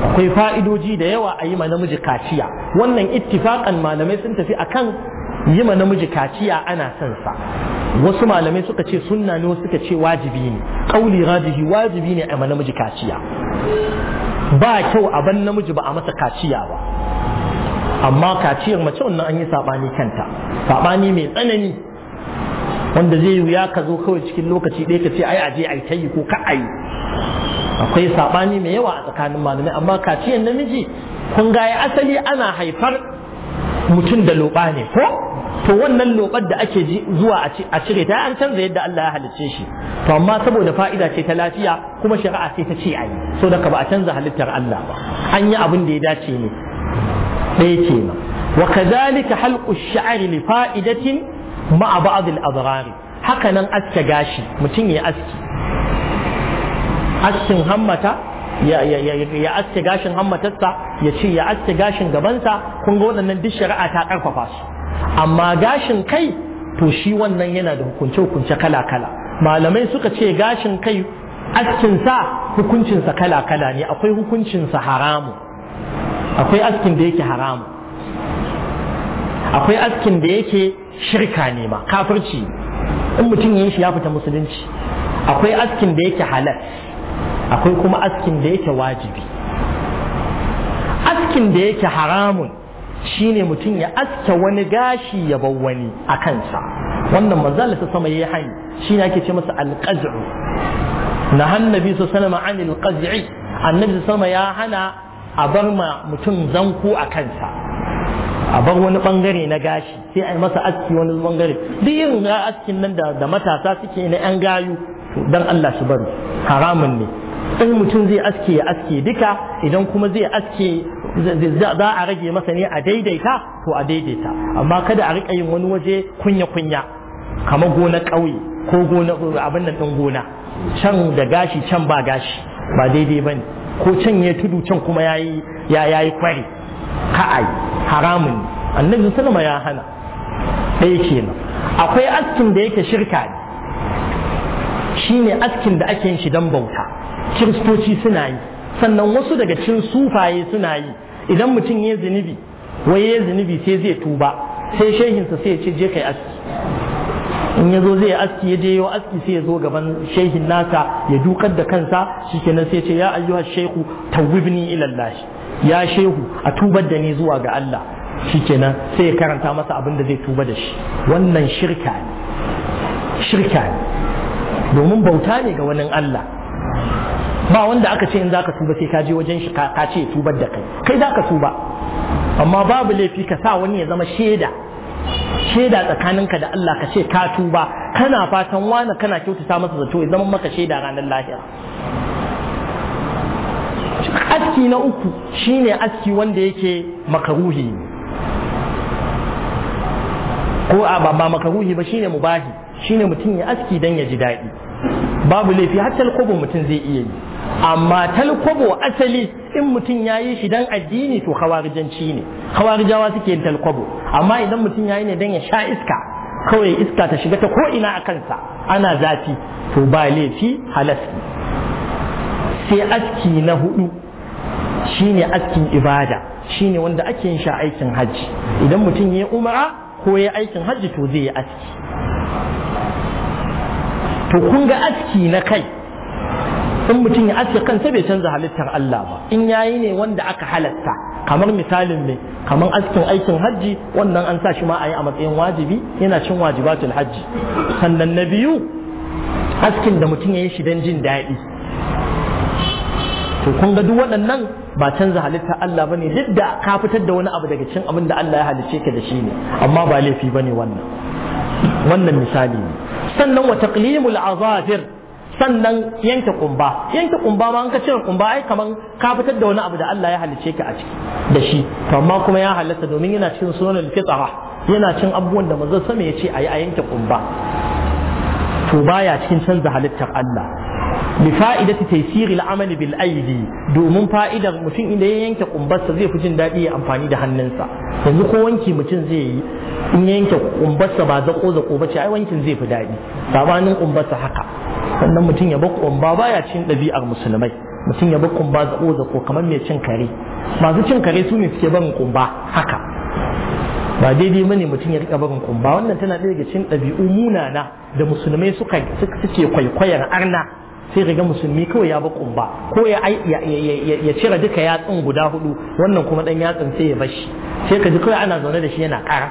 A: akwai fa'idoji da yawa a yi ma namiji kaciya wannan ittifaqan malamai sun tafi akan yi ma namiji kaciya ana son sa wasu malamai suka ce sunna ne suka ce wajibi ne ƙauli rajihi wajibi ne a ma namiji kaciya ba kyau a ban namiji ba a masa kaciya ba amma kaciyar mace wannan an yi saɓani kanta saɓani mai tsanani wanda zai yi ka zo kawai cikin lokaci ɗaya ka ce ai aje ai ta yi ko ka ai akwai saɓani mai yawa a tsakanin malamai amma kaciyar namiji kun ga asali ana haifar mutum da loɓa ne ko to wannan lobar da ake zuwa a cire ta an canza yadda Allah ya halicce shi to amma saboda fa'ida ce ta lafiya kuma shari'a ce ta ce ayi so da ka ba a canza halittar Allah ba an yi abin da ya dace ne ɗaya nan. wa kadhalika halqu ash-sha'ri li fa'idatin ma'a ba'd al-adrar haka nan aske gashi mutum ya aski askin hammata ya aske gashin hammatarsa ya ce ya aske gashin gabansa kun ga waɗannan duk shari'a ta ƙarfafa su amma gashin kai to shi wannan yana da hukunce-hukunce kala-kala malamai suka ce gashin kai askinsa hukuncinsa kala-kala ne akwai hukuncinsa haramu akwai askin da yake haramu akwai askin da yake shirka ne ma kafirci in mutum yin shi ya fita musulunci akwai askin da yake halal akwai kuma askin da yake wajibi askin da yake haramun Shi ne mutum ya aske wani gashi ya bar wani a kansa wannan manzo ta sama ya hanyar hani shine ake ce masa alqaz'u nahan nabi sallallahu alaihi wasallam anil annabi sama ya hana a bar ma mutum zanku a kansa a bar wani bangare na gashi sai a yi masa aski wani bangare duk irin askin nan da matasa suke na yan gayu dan Allah su bari haramun ne in mutum zai aske ya aske duka idan kuma zai aske za a rage masa ne a daidaita to a daidaita amma kada a riƙa yin wani waje kunya-kunya kamar gona ƙauye ko gona abin nan ɗin gona can da gashi can ba gashi ba daidai ba ne ko can ya tudu can kuma ya yi kware kwari ka'ai haramun annabi sallama ya hana ɗaya kenan akwai askin da yake shirka ne shine askin da ake yin shi don bauta kiristoci suna yi sannan wasu daga cikin sufaye suna yi idan mutum ya zunubi wai ya zunubi sai zai tuba sai shehinsa sai ce je kai aski in ya zo zai aski ya je yau aski sai ya zo gaban shehin nasa ya dukar da kansa shikenan sai ce ya ayyuha shehu tawibni ila ya shehu a tubar da ni zuwa ga Allah shikenan sai ya karanta masa abin da zai tuba da shi wannan shirka ne shirka ne domin bauta ne ga wani Allah ba wanda aka ce in zaka tuba sai ka je wajen shi ka ce tubar da kai kai zaka tuba amma babu laifi ka sa wani ya zama shaida shaida tsakaninka da Allah ka ce ka tuba kana fatan wani kana kyautata masa zato ya zama maka shaida ranar lahira aski na uku shine aski wanda yake makaruhi ne ko a ba makaruhi ba shine mubahi shine mutum ya aski dan ya ji daɗi babu laifi hatta alqubun mutum zai iya yi amma talkwabo asali in mutum ya yi shi dan addini to hawarijanci ne hawarijawa suke yin talkwabo amma idan mutum ya yi ne dan ya sha iska kawai iska ta shiga ta ko'ina a kansa ana zafi to ba laifi halas sai aski na hudu shine askin ibada shine wanda ake yin sha aikin hajji idan mutum ya yi umara ko ya aikin hajji to zai yi aski to kun ga aski na kai san mutum ya aske kansa bai canza halittar Allah ba in yayi ne wanda aka halatta kamar misalin ne, kamar askin aikin hajji wannan an sa shi ma a yi a matsayin wajibi yana cin wajibatul hajji sannan na biyu askin da mutum ya yi shi don jin daɗi to kun ga duk waɗannan ba canza halitta Allah ne, duk da ka fitar da wani abu daga cikin abin da Allah ya halicce ka da shi ne amma ba laifi ne wannan wannan misali ne sannan wa taqlimul azafir sannan yanke kumba yanke kumba ma an ka cire kumba ai kaman ka fitar da wani abu da Allah ya halice ka a ciki da shi to amma kuma ya halatta domin yana cikin sunan fitra yana cin abubuwan da manzon sama ya ce ayi a yanke kumba to baya cikin canza halittar Allah bi fa'idati taysir al-amal bil aidi domin fa'idar mutum inda ya yanke kumbarsa zai fi jin daɗi ya amfani da hannunsa yanzu ko wanki mutum zai yi in ya yanke kumbarsa ba zako zako ba ce ai wankin zai fi daɗi sabanin kumbarsa haka sannan mutum ya bar kumba ya cin ɗabi'ar musulmai mutum ya bar kumba zako zako kamar mai cin kare masu cin kare su ne suke barin kumba haka ba daidai bane mutum ya rika barin kumba wannan tana ɗaya daga cin ɗabi'u munana da musulmai suka suke kwaikwayar arna sai ga musulmi kawai ya ba kumba ko ya ya cire duka yatsun guda hudu wannan kuma dan yatsun sai ya bashi sai ka ji kawai ana zaune da shi yana kara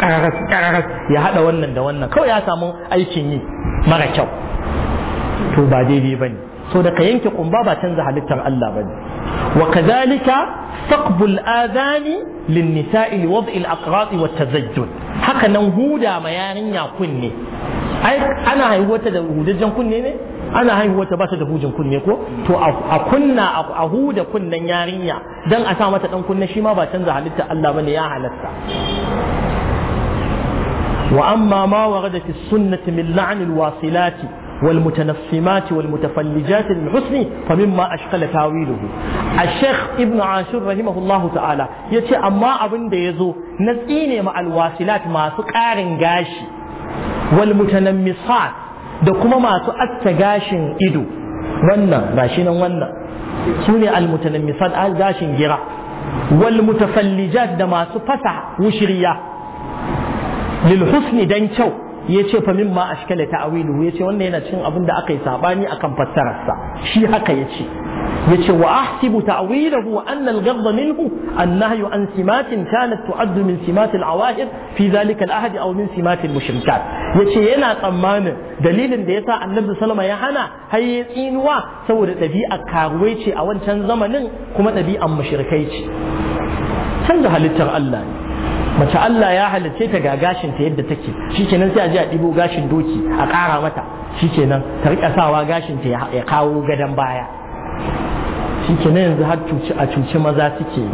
A: kararas kararas ya hada wannan da wannan kawai ya samu aikin yi mara kyau to ba daidai bane so da ka yanke kumba ba canza halittar Allah bane wa kadhalika taqbul adhani lin nisa'i wad'i al-aqrat wa tazajjud haka nan huda ma yarinya kunne ai ana haihuwar ta da hudajen kunne ne ana haihuwa ta ba ta da hujin kunne ko to a kunna a huda kunnen yarinya dan a sa mata dan kunne shi ma ba canza halitta Allah bane ya halatta wa amma ma warada fi sunnati min la'n alwasilati والمتنفمات والمتفلجات الحسن فمما أشكل تاويله الشيخ ابن عاشور رحمه الله تعالى يتي أما أبن ديزو نزئين مع الواصلات ما سكار غاشي والمتنمصات da kuma masu atta gashin ido wannan gashi nan wannan su ne almutanammisat al gashin gira wal mutafallijat da masu fasa wushiriya lil husni dan kyau ya ce fa mimma ashkala ta'wilu ya ce wannan yana cin abin da aka yi sabani akan fassararsa shi haka ya ce ya ce wa ahsibu ta'wilahu wa anna al-ghadha minhu annahyu an simatin kanat tu'addu min simat al-awahid fi dhalika al-ahd aw min simat al-mushrikat ya ce yana tsammanin dalilin da yasa annabi sallama ya hana har ya tsinuwa saboda ɗabi'a karuwai ce a wancan zamanin kuma ɗabi'an mushrikai ce canza halittar Allah ne mace Allah ya halicce ta ga gashin ta yadda take shikenan sai a je a ɗibo gashin doki a ƙara mata shikenan ta rika sawa gashin ta ya kawo gadan baya shikenan yanzu har cuci a cuci maza suke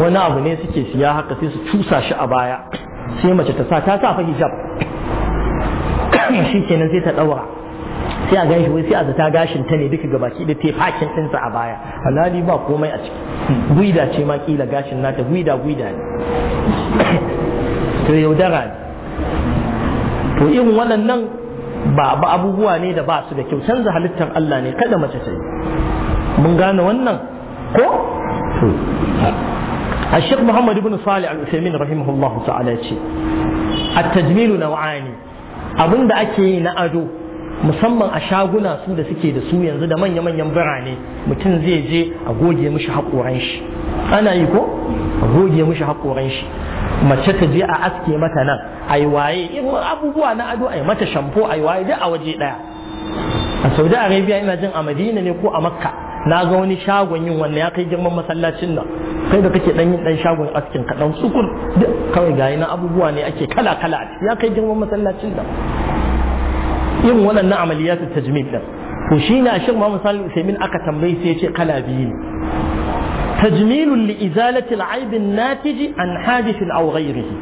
A: wani abu ne suke siya haka sai su cusa shi a baya sai mace ta sa ta sa fa hijab shikenan sai ta ɗaura sai a gan shi wai sai a zata gashin ta ne duka gabaki da ta fakin ɗinsa a baya halali ba komai a ciki guida ce ma kila gashin nata guida guida ne to yaudara ne to irin waɗannan ba ba abubuwa ne da ba su da kyau canza halittar Allah ne kada mace ta yi mun gane wannan ko الشيخ محمد بن صالح العثيمين رحمه الله تعالى التجميل نوعان abin abinda ake yi na ado musamman a shaguna su da suke da su yanzu da manya-manyan birane mutum zai je a goge mishi haƙoran shi ana yi ko a goge mishi haƙoran shi mace ta je a aske mata nan ai waye irin abubuwa na ado ai mata shampo ai waye duk a waje daya a saudi arabia ina jin a madina ne ko a makka na ga wani shagon yin wannan ya kai girman masallacin nan kai da kake dan yin dan shagon askin ka dan sukur duk kawai gayi na abubuwa ne ake kala kala ya kai girman masallacin nan yin waɗannan amaliyatu tajmid din to shi ne ashir ma Salih Usaimin aka tambayi sai ce kala biyu ne tajmilun li izalati al natiji an-natij an hadith aw ghayrihi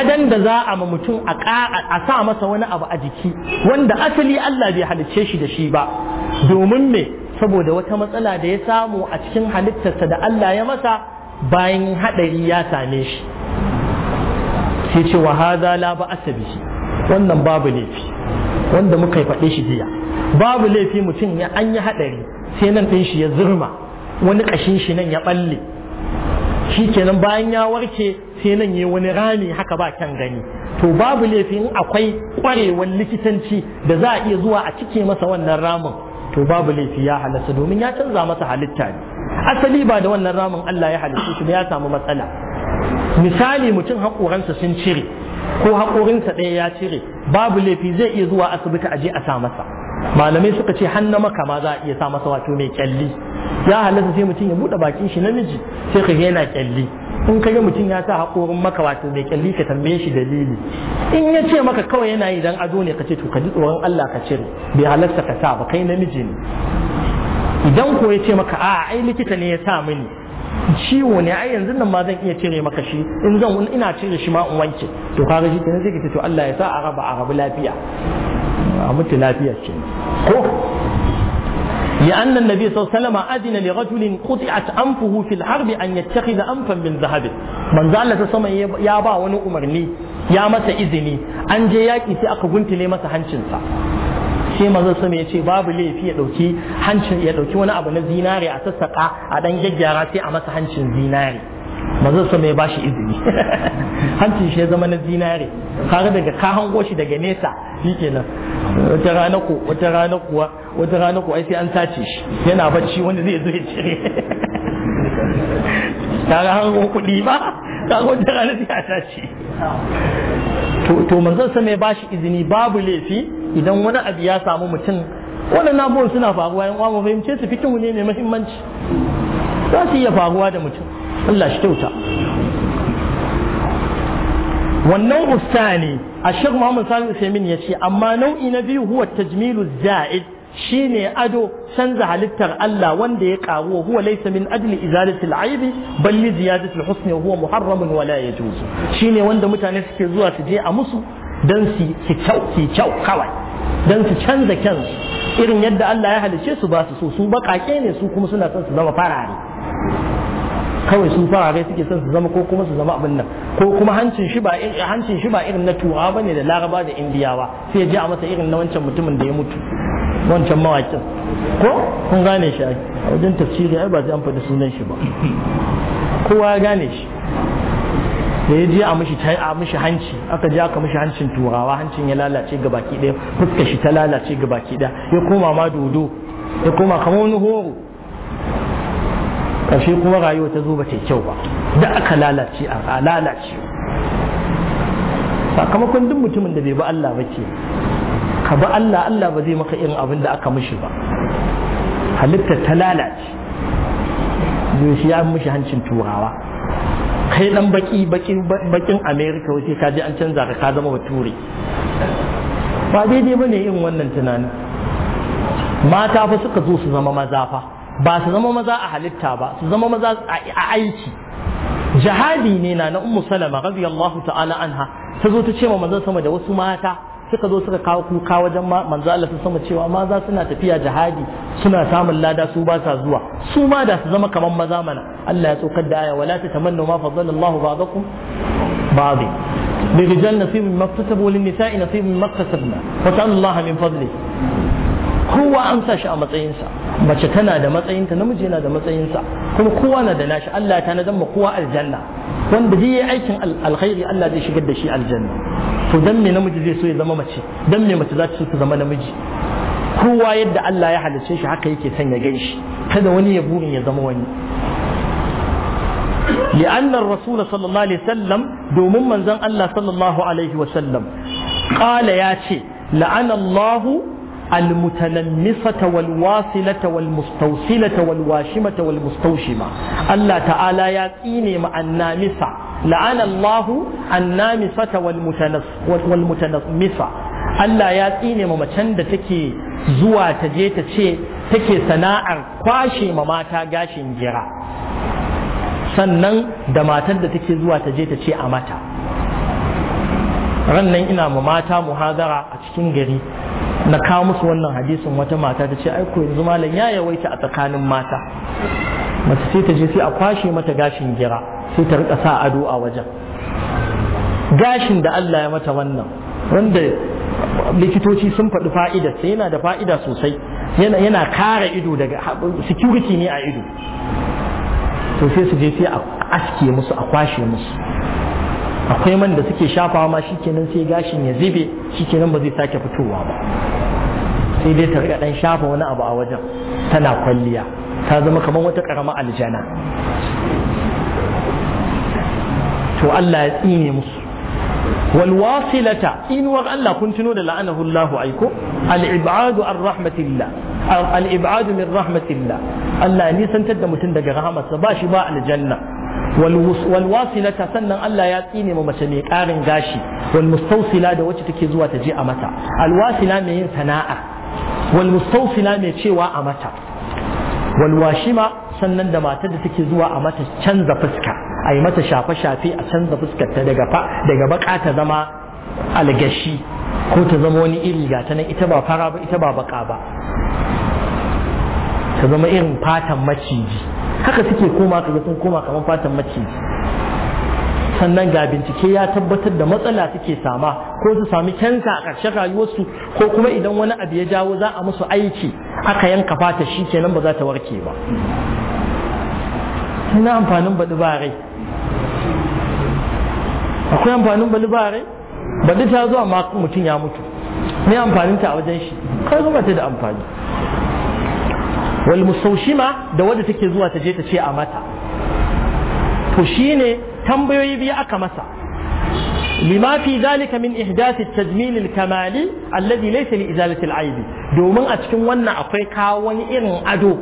A: adan da za a ma mutum a sa masa wani abu a jiki wanda asali Allah bai halicce shi da shi ba domin me saboda wata matsala da ya samu a cikin halittarsa da Allah ya masa bayan hadari ya same shi sai ce wa hadha la ba asabi wannan babu laifi wanda muka yi faɗe shi jiya babu laifi mutum ya an yi haɗari sai nan ɗin shi ya zurma wani ƙashin shi nan ya ɓalle shi kenan bayan ya warke sai nan ya wani rami haka ba kyan gani to babu laifi in akwai ƙwarewar likitanci da za a iya zuwa a cike masa wannan ramin to babu laifi ya halasta domin ya canza masa halitta ne asali ba da wannan ramin Allah ya halitta shi ya samu matsala misali mutum haƙoransa sun cire ko haƙorinsa ɗaya ya cire babu laifi zai iya zuwa asibiti a je a sa masa malamai suka ce hannu maka ma za a iya sa masa wato mai kyalli ya halatta sai mutum ya buɗe bakin shi namiji sai ka yana kyalli in ka ga mutum ya sa haƙorin maka wato mai kyalli ka tambaye shi dalili in ya ce maka kawai yana yi dan ado ne ka ce to ka ji tsoron Allah ka cire bai halatta ka sa ba kai namiji ne idan ko ya ce maka a'a ai likita ne ya sa mini ciwo ne ai yanzu nan ma zan iya cire maka shi in zan ina cire shi ma in wanke to kaga shi kenan zai ce to Allah ya sa a raba a rabu lafiya a mutu lafiya ce ko ya anna nabi sallallahu alaihi wasallam adina li rajulin quti'at anfuhu fil harb an yattakhidha anfan min dhahab manzo Allah ta sama ya ba wani umarni ya masa izini an je yaƙi sai aka guntule masa hancinsa sai manzo sama ya ce babu laifi ya dauki hancin ya dauki wani abu na zinare a sassaka a dan gyaggyara sai a masa hancin zinare manzo sama ya bashi izini hancin shi ya zama na zinare kaga daga ka hango shi daga nesa shikenan wata rana ko wata rana kuwa wata rana ko ai sai an sace shi yana bacci wanda zai zo ya cire kaga hango kuɗi ba kaga wata rana sai a sace to manzon sama ya bashi izini babu laifi idan wani abu ya samu mutum waɗannan abubuwan suna faruwa yan uwa fahimce su fikihu ne mai muhimmanci za su iya faruwa da mutum Allah shi kyauta wannan ustani a shek muhammad sami usaimin ya ce amma nau'i na biyu huwa tajmilu za'id shine ado canza halittar Allah wanda ya karu huwa laysa min ajli izalati al-aib bal li ziyadati al huwa muharramun wa la yajuz shine wanda mutane suke zuwa su je a musu dan su kawai don su canza kyansu irin yadda Allah ya halice su ba su so su baƙaƙe ne su kuma suna son su zama farare kawai su farare suke son su zama ko kuma su zama abin nan ko kuma hancin shi ba hancin shi ba irin na tuwa bane da laraba da indiyawa sai ya je a masa irin na wancan mutumin da ya mutu wancan mawakin ko kun gane shi a wajen tafsiri ai ba zai an faɗi sunan shi ba kowa ya gane shi da ya je a mishi a mishi hanci aka je aka mishi hancin turawa hancin ya lalace ga baki ɗaya fuskar shi ta lalace ga baki ɗaya ya koma ma dodo ya koma kamar wani horo ƙarshe kuma rayuwa ta zo ba ta kyau ba da aka lalace a lalace sakamakon duk mutumin da bai bi Allah ba ke ka bi Allah Allah ba zai maka irin abin da aka mishi ba halittar ta lalace shi ya mishi hancin turawa kai dan baki bakin america wace ka je an canza ka ka zama bature ba daidai ba ne yin wannan tunanin mata fa suka zo su zama maza fa ba su zama maza a halitta ba su zama maza a aiki jihadi ne na na ummu salama radiyallahu ta'ala anha ta zo ta ce ma maza sama da wasu mata suka zo suka kawo kuka wajen manzo Allah sun sama cewa maza suna tafiya jihadi suna samun lada su ba sa zuwa su ma da su zama kamar maza mana Allah ya saukar da aya wala tatamannu ma faddala ba'dakum ba'd للرجال نصيب مما اكتسبوا وللنساء نصيب مما اكتسبنا وسأل الله من فضله kowa an sa shi a matsayinsa mace tana da matsayinta namiji yana da matsayinsa kuma kowa na da nashi Allah ta nazan kowa aljanna wanda ya yi aikin alkhairi Allah zai shigar da shi aljanna to dan me namiji zai so ya zama mace dan me mace za ta so ta zama namiji kowa yadda Allah ya halicce shi haka yake son ya gan shi kada wani ya burin ya zama wani لأن الرسول صلى الله عليه وسلم دوم من زن الله صلى الله عليه وسلم قال ياتي لعن الله almutalannisata walwasilata walmustausilata walwashimata walmustaushima Allah ta'ala ya tsine mu annamisa la'ana Allahu annamisata walmutanassimisa Allah ya tsine mu macen da take zuwa ta je ta ce take sana'ar kwashe ma mata gashin jira sannan da matan da take zuwa ta je ta ce a mata Rannan ina ma mata muhazara a cikin gari na kawo musu wannan hadisin wata mata ta ce 'Aiko, yanzu malam ya yawaita a tsakanin mata mace sai ta je sai a kwashe mata gashin gira sai ta rika sa ado a wajen gashin da Allah ya mata wannan wanda likitoci sun faɗi fa'ida sai yana da fa'ida sosai yana kare ido daga security ne a ido to sai su je sai a aske musu a kwashe musu akwai man da suke shafawa ma shikenan sai gashin ya zube shikenan ba zai sake fitowa ba sai dai ta riga dan shafa wani abu a wajen tana kwalliya ta zama kamar wata karama aljana to Allah ya tsine musu wal wasilata inuwar Allah kun tuno da la'anahu Allah aiko al ibadu ar rahmatillah al ibadu min rahmatillah Allah nisantar da mutum daga rahamarsa ba shi ba aljanna walwasilata sannan Allah ya tsine ma mace mai ƙarin gashi walmustausila da wacce take zuwa ta je a mata alwasila mai yin sana'a walmustausila mai cewa a mata walwashima sannan da matar da take zuwa a mata canza fuska a yi mata shafe-shafe a canza fuskar ta daga daga ta zama algashi ko ta zama wani iri ga ba ita ba baka ba ta zama irin fatan maciji haka suke koma kaga sun koma kamar fatan maciji sannan ga bincike ya tabbatar da matsala suke sama ko su sami kyansa a ƙarshen rayuwarsu ko kuma idan wani abu ya jawo za a musu aiki aka yanka fata shi kenan ba za ta warke ba ina amfanin baɗi ba rai akwai amfanin baɗi ba rai baɗi ta zuwa mutum ya mutu ne ta a wajen shi kai zuwa ta da amfani wal mustaushima da wadda take zuwa ta je ta ce a mata to shine tambayoyi biyu aka masa lima fi zalika min ihdath at-tajmil al-kamali alladhi laysa li izalati al-aib domin a cikin wannan akwai kawo wani irin ado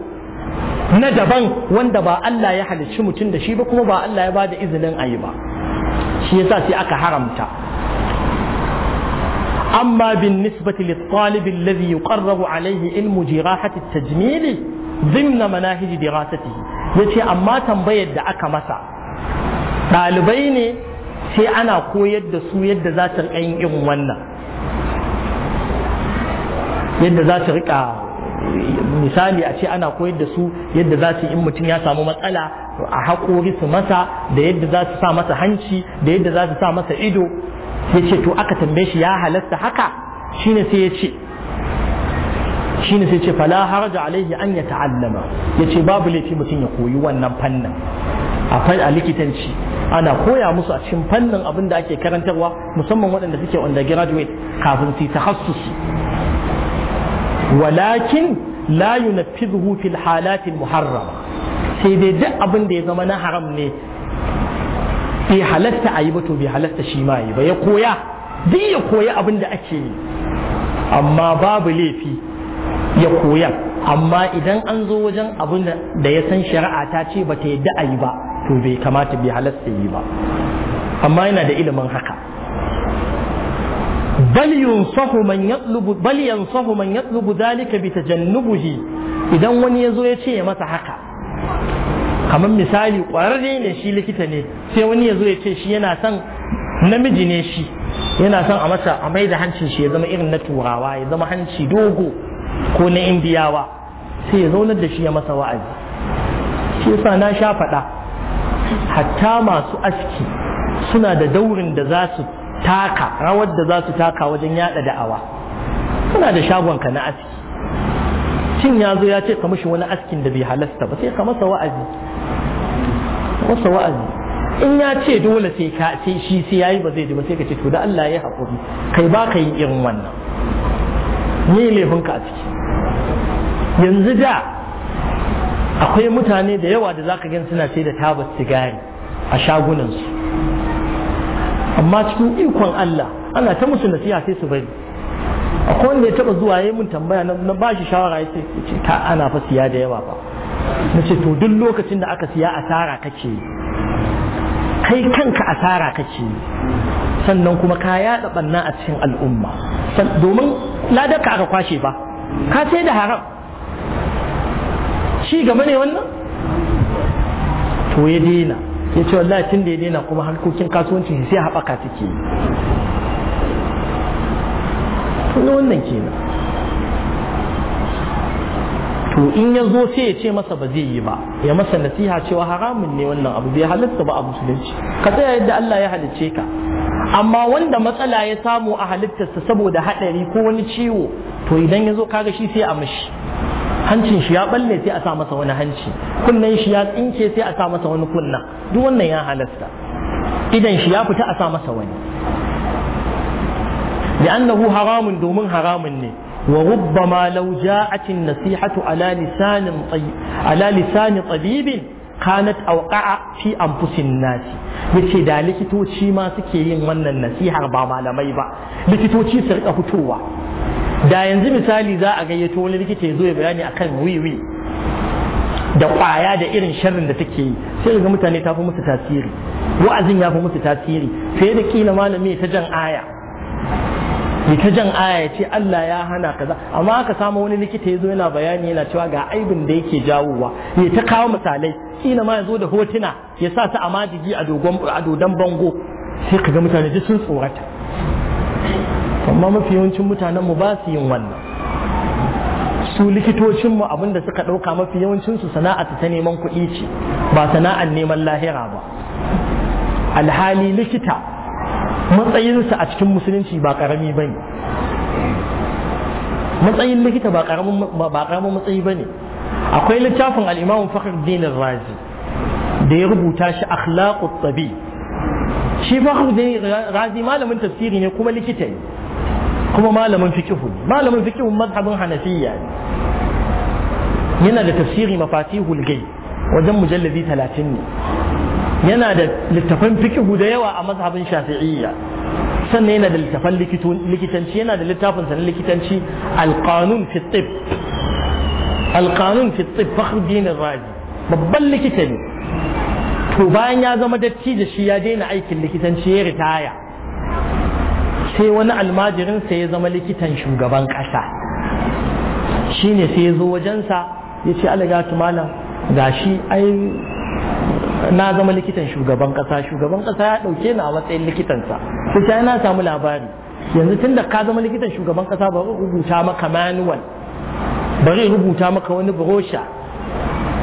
A: na daban wanda ba Allah ya halicci mutum da shi ba kuma ba Allah ya ba da izinin ayi ba shi yasa sai aka haramta amma bin nisbati lit-talib alladhi yuqarrabu alayhi ilmu jirahati at-tajmil zimna manahiji dirasati ya ce amma tambayar da aka masa ɗalibai ne sai ana koyar da su yadda za ta riƙa irin wannan yadda za riƙa misali a ce ana koyar da su yadda za su in mutum ya samu matsala a haƙori su masa da yadda za su sa masa hanci da yadda za su sa masa ido ya ce to aka tambaye shi ya halasta haka shine sai ya ce shine sai ce fala haraja alaihi an ya ta'allama ce babu laifi mutum ya koyi wannan fannin a likitanci ana koya musu a cikin fannin abin da ake karantarwa musamman waɗanda suke graduate kafin su tahassus walakin la yunafidhu fil halati muharrama sai dai duk abin da ya zama na haram ne bai halasta a yi ba to bai halasta shi ma yi ba ya koya duk ya koya abin da ake yi amma babu laifi ya koya amma idan an zo wajen abin da ya san shari'a ta ce ba ta yadda a yi ba to bai kamata bai halasta yi ba amma yana da ilimin haka bal man yansahu man yatlubu bi idan wani ya zo ya ce ya masa haka kamar misali kwararre ne shi likita ne sai wani ya zo ya ce shi yana son namiji ne shi yana son a masa a mai da hancin shi ya zama irin na turawa ya zama hanci dogo ko na indiyawa sai ya zaunar da shi ya masa wa'azi shi yasa na sha faɗa hatta masu aski suna da daurin da za su taka rawar da za su taka wajen yada da'awa suna da shagonka na aski cin ya zo ya ce ka mishi wani askin da bai halasta ba sai ka masa wa'azi masa wa'azi in ya ce dole sai ka sai shi sai yayi ba zai ji ba sai ka ce to da Allah ya haƙuri kai ba ka yi irin wannan ne laifinka a ciki yanzu da akwai mutane da yawa da zaka gan suna sai da tabar sigari a shagunansu amma cikin ikon Allah ana ta musu nasiha sai su bari akwai wanda ya taba zuwa yayin mun tambaya na ba shi shawara ya ce ta ana fa siya da yawa ba na ce to duk lokacin da aka siya asara kake kai kanka asara kake sannan kuma ka yaɗa ɓanna a cikin al'umma domin ladar ka aka kwashe ba ka sai da haram Shi gaba ne wannan to ya dena ya ce wallahi tun da ya dina kuma harkokin kasuwancin sai haɓaka take yi wannan kenan to in ya zo sai ya ce masa ba zai yi ba ya masa nasiha cewa haramun ne wannan abu zai halitta ba a musulunci ka tsaya yadda Allah ya halicce ka amma wanda matsala ya samu a halittarsa saboda haɗari ko wani ciwo to idan ya zo kaga shi sai a mishi hancin shi ya balle sai a sa masa wani hanci kunnen shi ya tsinke sai a sa masa wani kunna duk wannan ya halasta idan shi ya fita a sa masa wani li'annahu haramun domin haramun ne وربما لو جاءت النصيحة على لسان طيب على لسان طبيب كانت أوقع في أنفس الناس yace da likitoci ما suke yin wannan nasihar ba malamai ba likitoci su fitowa da yanzu misali za a gayyato wani likita ya zo ya bayani akan wiwi da kwaya da irin sharrin da take yi sai ga mutane ta fi musu tasiri wa'azin ya fi musu tasiri sai da kila malami ta jan aya ya ta jan aya ya ce Allah ya hana kaza amma aka samu wani likita ya zo yana bayani yana cewa ga aibin da yake jawowa ya ta kawo misalai kila ma ya zo da hotuna ya sa su a majigi a dodon bango sai ka ga mutane duk sun tsorata amma mafi yawancin mutanen mu ba su yin wannan su likitocin mu abinda suka ɗauka mafi yawancin su sana'a ta neman kuɗi ce ba sana'ar neman lahira ba alhali likita matsayinsa a cikin musulunci ba ƙarami ba ne matsayin likita ba karamin matsayi ba ne akwai littafin al'imamun fakar dinin razi da ya rubuta shi akhlaqut tsabi shi fakar dinin razi malamin tafsiri ne kuma likita ne kuma malamin fikihu ne malamin fikihun mazhabin hanafiya ne yana da tafsiri mafatihul gai wajen mujallabi talatin ne yana da littafan fikihu da yawa a mazhabin shafi'iyya sannan yana da littafan likitanci yana da littafin sanin likitanci alƙanun fi tib alqanun fi tib fakhruddin babban likita ne to bayan ya zama datti da shi ya daina aikin likitanci ya ritaya sai wani almajirin sai ya zama likitan shugaban kasa shine sai ya zo wajensa ya ce alaga malam gashi ai na zama likitan shugaban kasa shugaban kasa ya dauke ni a matsayin likitansa sai sai na samu labari yanzu tunda ka zama likitan shugaban kasa ba rubuta maka manual bari rubuta maka wani brosha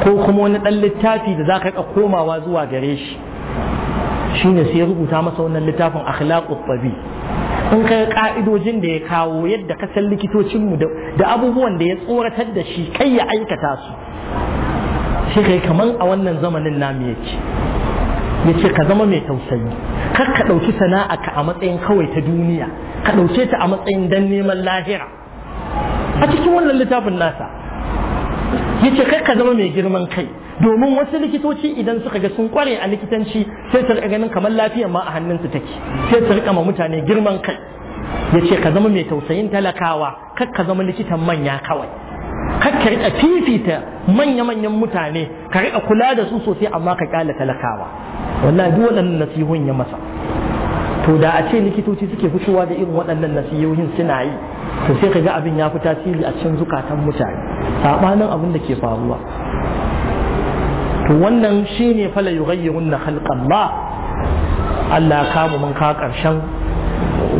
A: ko kuma wani dan littafi da zaka ka komawa zuwa gare shi shine sai rubuta masa wannan littafin akhlaqut tabi in kai ka'idojin da ya kawo yadda ka san likitocinmu da abubuwan da ya tsoratar da shi kai ya aikata su sai kai kaman a wannan zamanin namu yake yace ka zama mai tausayi kar ka ɗauki sana'a ka a matsayin kawai ta duniya ka ɗauke ta a matsayin dan neman lahira a cikin wannan littafin nasa yace kar ka zama mai girman kai domin wasu likitoci idan suka ga sun kware a likitanci sai su ganin kamar lafiyar ma a hannunsu take sai su rika ma mutane girman kai ya ce ka zama mai tausayin talakawa kar ka zama likitan manya kawai kakka rika fifita manya-manyan mutane ka rika kula da su sosai amma ka kyale talakawa wallahi duk waɗannan nasihun ya masa to da a ce likitoci suke fitowa da irin waɗannan nasihohin suna yi to sai ka ga abin ya fi tasiri a cikin zukatan mutane sabanin abin da ke faruwa to wannan shine fala yughayyirun na khalqallah Allah mu mun ka karshen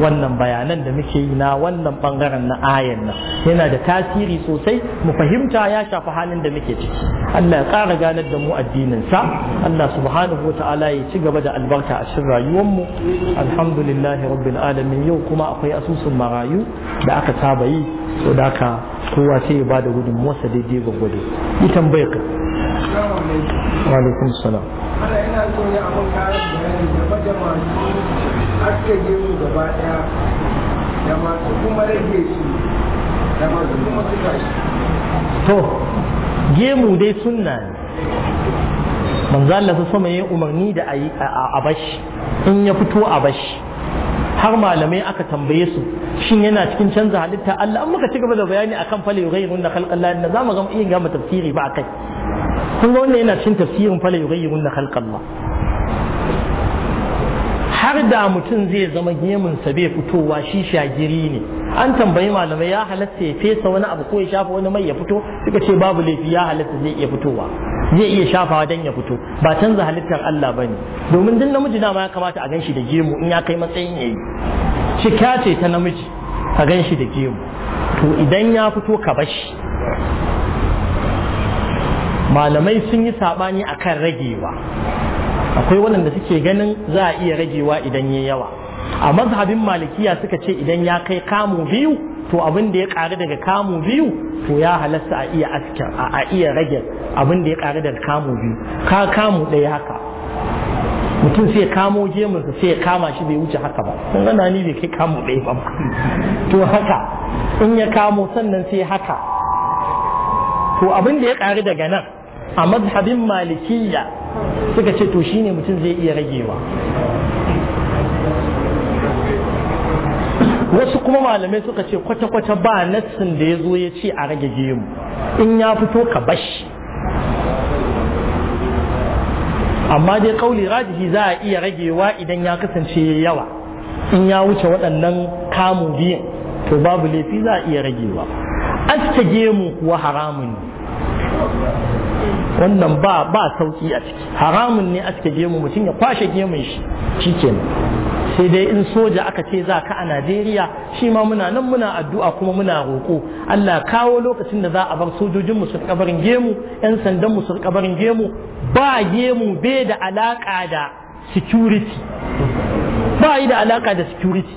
A: wannan bayanan da muke yi na wannan bangaren na ayan nan yana da tasiri sosai mu fahimta ya shafi halin da muke ciki Allah ya ƙara ganar da mu addinin sa Allah subhanahu wa ta'ala ya ci gaba da albarka a cikin rayuwar mu alhamdulillahi rabbil alamin yau kuma akwai asusun marayu da aka saba yi so da ka kowa sai ya bada gudunmuwarsa daidai gwagwado yi tambayar ka wa alaikum salam
B: ina so da haske gemu gaba daya da masu kuma rage shi da masu kuma suka shi
A: to gemu dai sunna ne manzo Allah sa sama yin umarni da a bashi in ya fito a bashi har malamai aka tambaye su shin yana cikin canza halitta Allah an muka ci gaba da bayani akan fala yughayyirun khalqallah inna zamu ga iya gama tafsiri ba kai, kun ga wannan yana cikin tafsirin fala yughayyirun khalqallah har da mutum zai zama gemunsa bai fitowa shi shagiri ne an tambayi malamai ya halatta ya fesa wani abu ko ya shafa wani mai ya fito suka ce babu laifi ya halatta zai iya fitowa zai iya shafawa dan ya fito ba canza halittar Allah bane domin duk namiji ma ya kamata a gan shi da gemu in ya kai matsayin yayi cika ce ta namiji a gan shi da gemu to idan ya fito ka bashi malamai sun yi sabani akan ragewa akwai waɗanda suke ganin za a iya ragewa idan ya yawa a mazhabin malikiya suka ce idan ya kai kamu biyu to abin da ya ƙaru daga kamu biyu to ya halasta a iya aske a iya rage abin da ya ƙaru daga kamu biyu ka kamu ɗaya haka mutum sai kamo jemunsa sai ya kama shi bai wuce haka ba sun gana ni bai kai kamo ɗaya ba to haka in ya kamo sannan sai haka to abin da ya ƙaru daga nan a mazhabin malikiya suka ce to shine mutum zai iya ragewa wasu kuma malamai suka ce kwata-kwata ba nassin da ya zo ya ce a rage gemu in ya fito ka bashi amma dai kauli rajihi za a iya ragewa idan ya kasance yawa in ya wuce waɗannan kamun biyan to babu laifi za a iya ragewa aske gemu wa haramun ne wannan ba ba sauki a ciki haramun ne a aske gemu mutum ya kwashe gemun shi shikenan sai dai in soja aka ce za ka a Najeriya shi ma muna nan muna addu'a kuma muna roƙo Allah kawo lokacin da za a bar sojojin mu su kabarin gemu yan sandan mu su kabarin gemu ba gemu bai da alaka da security ba yi da alaka da security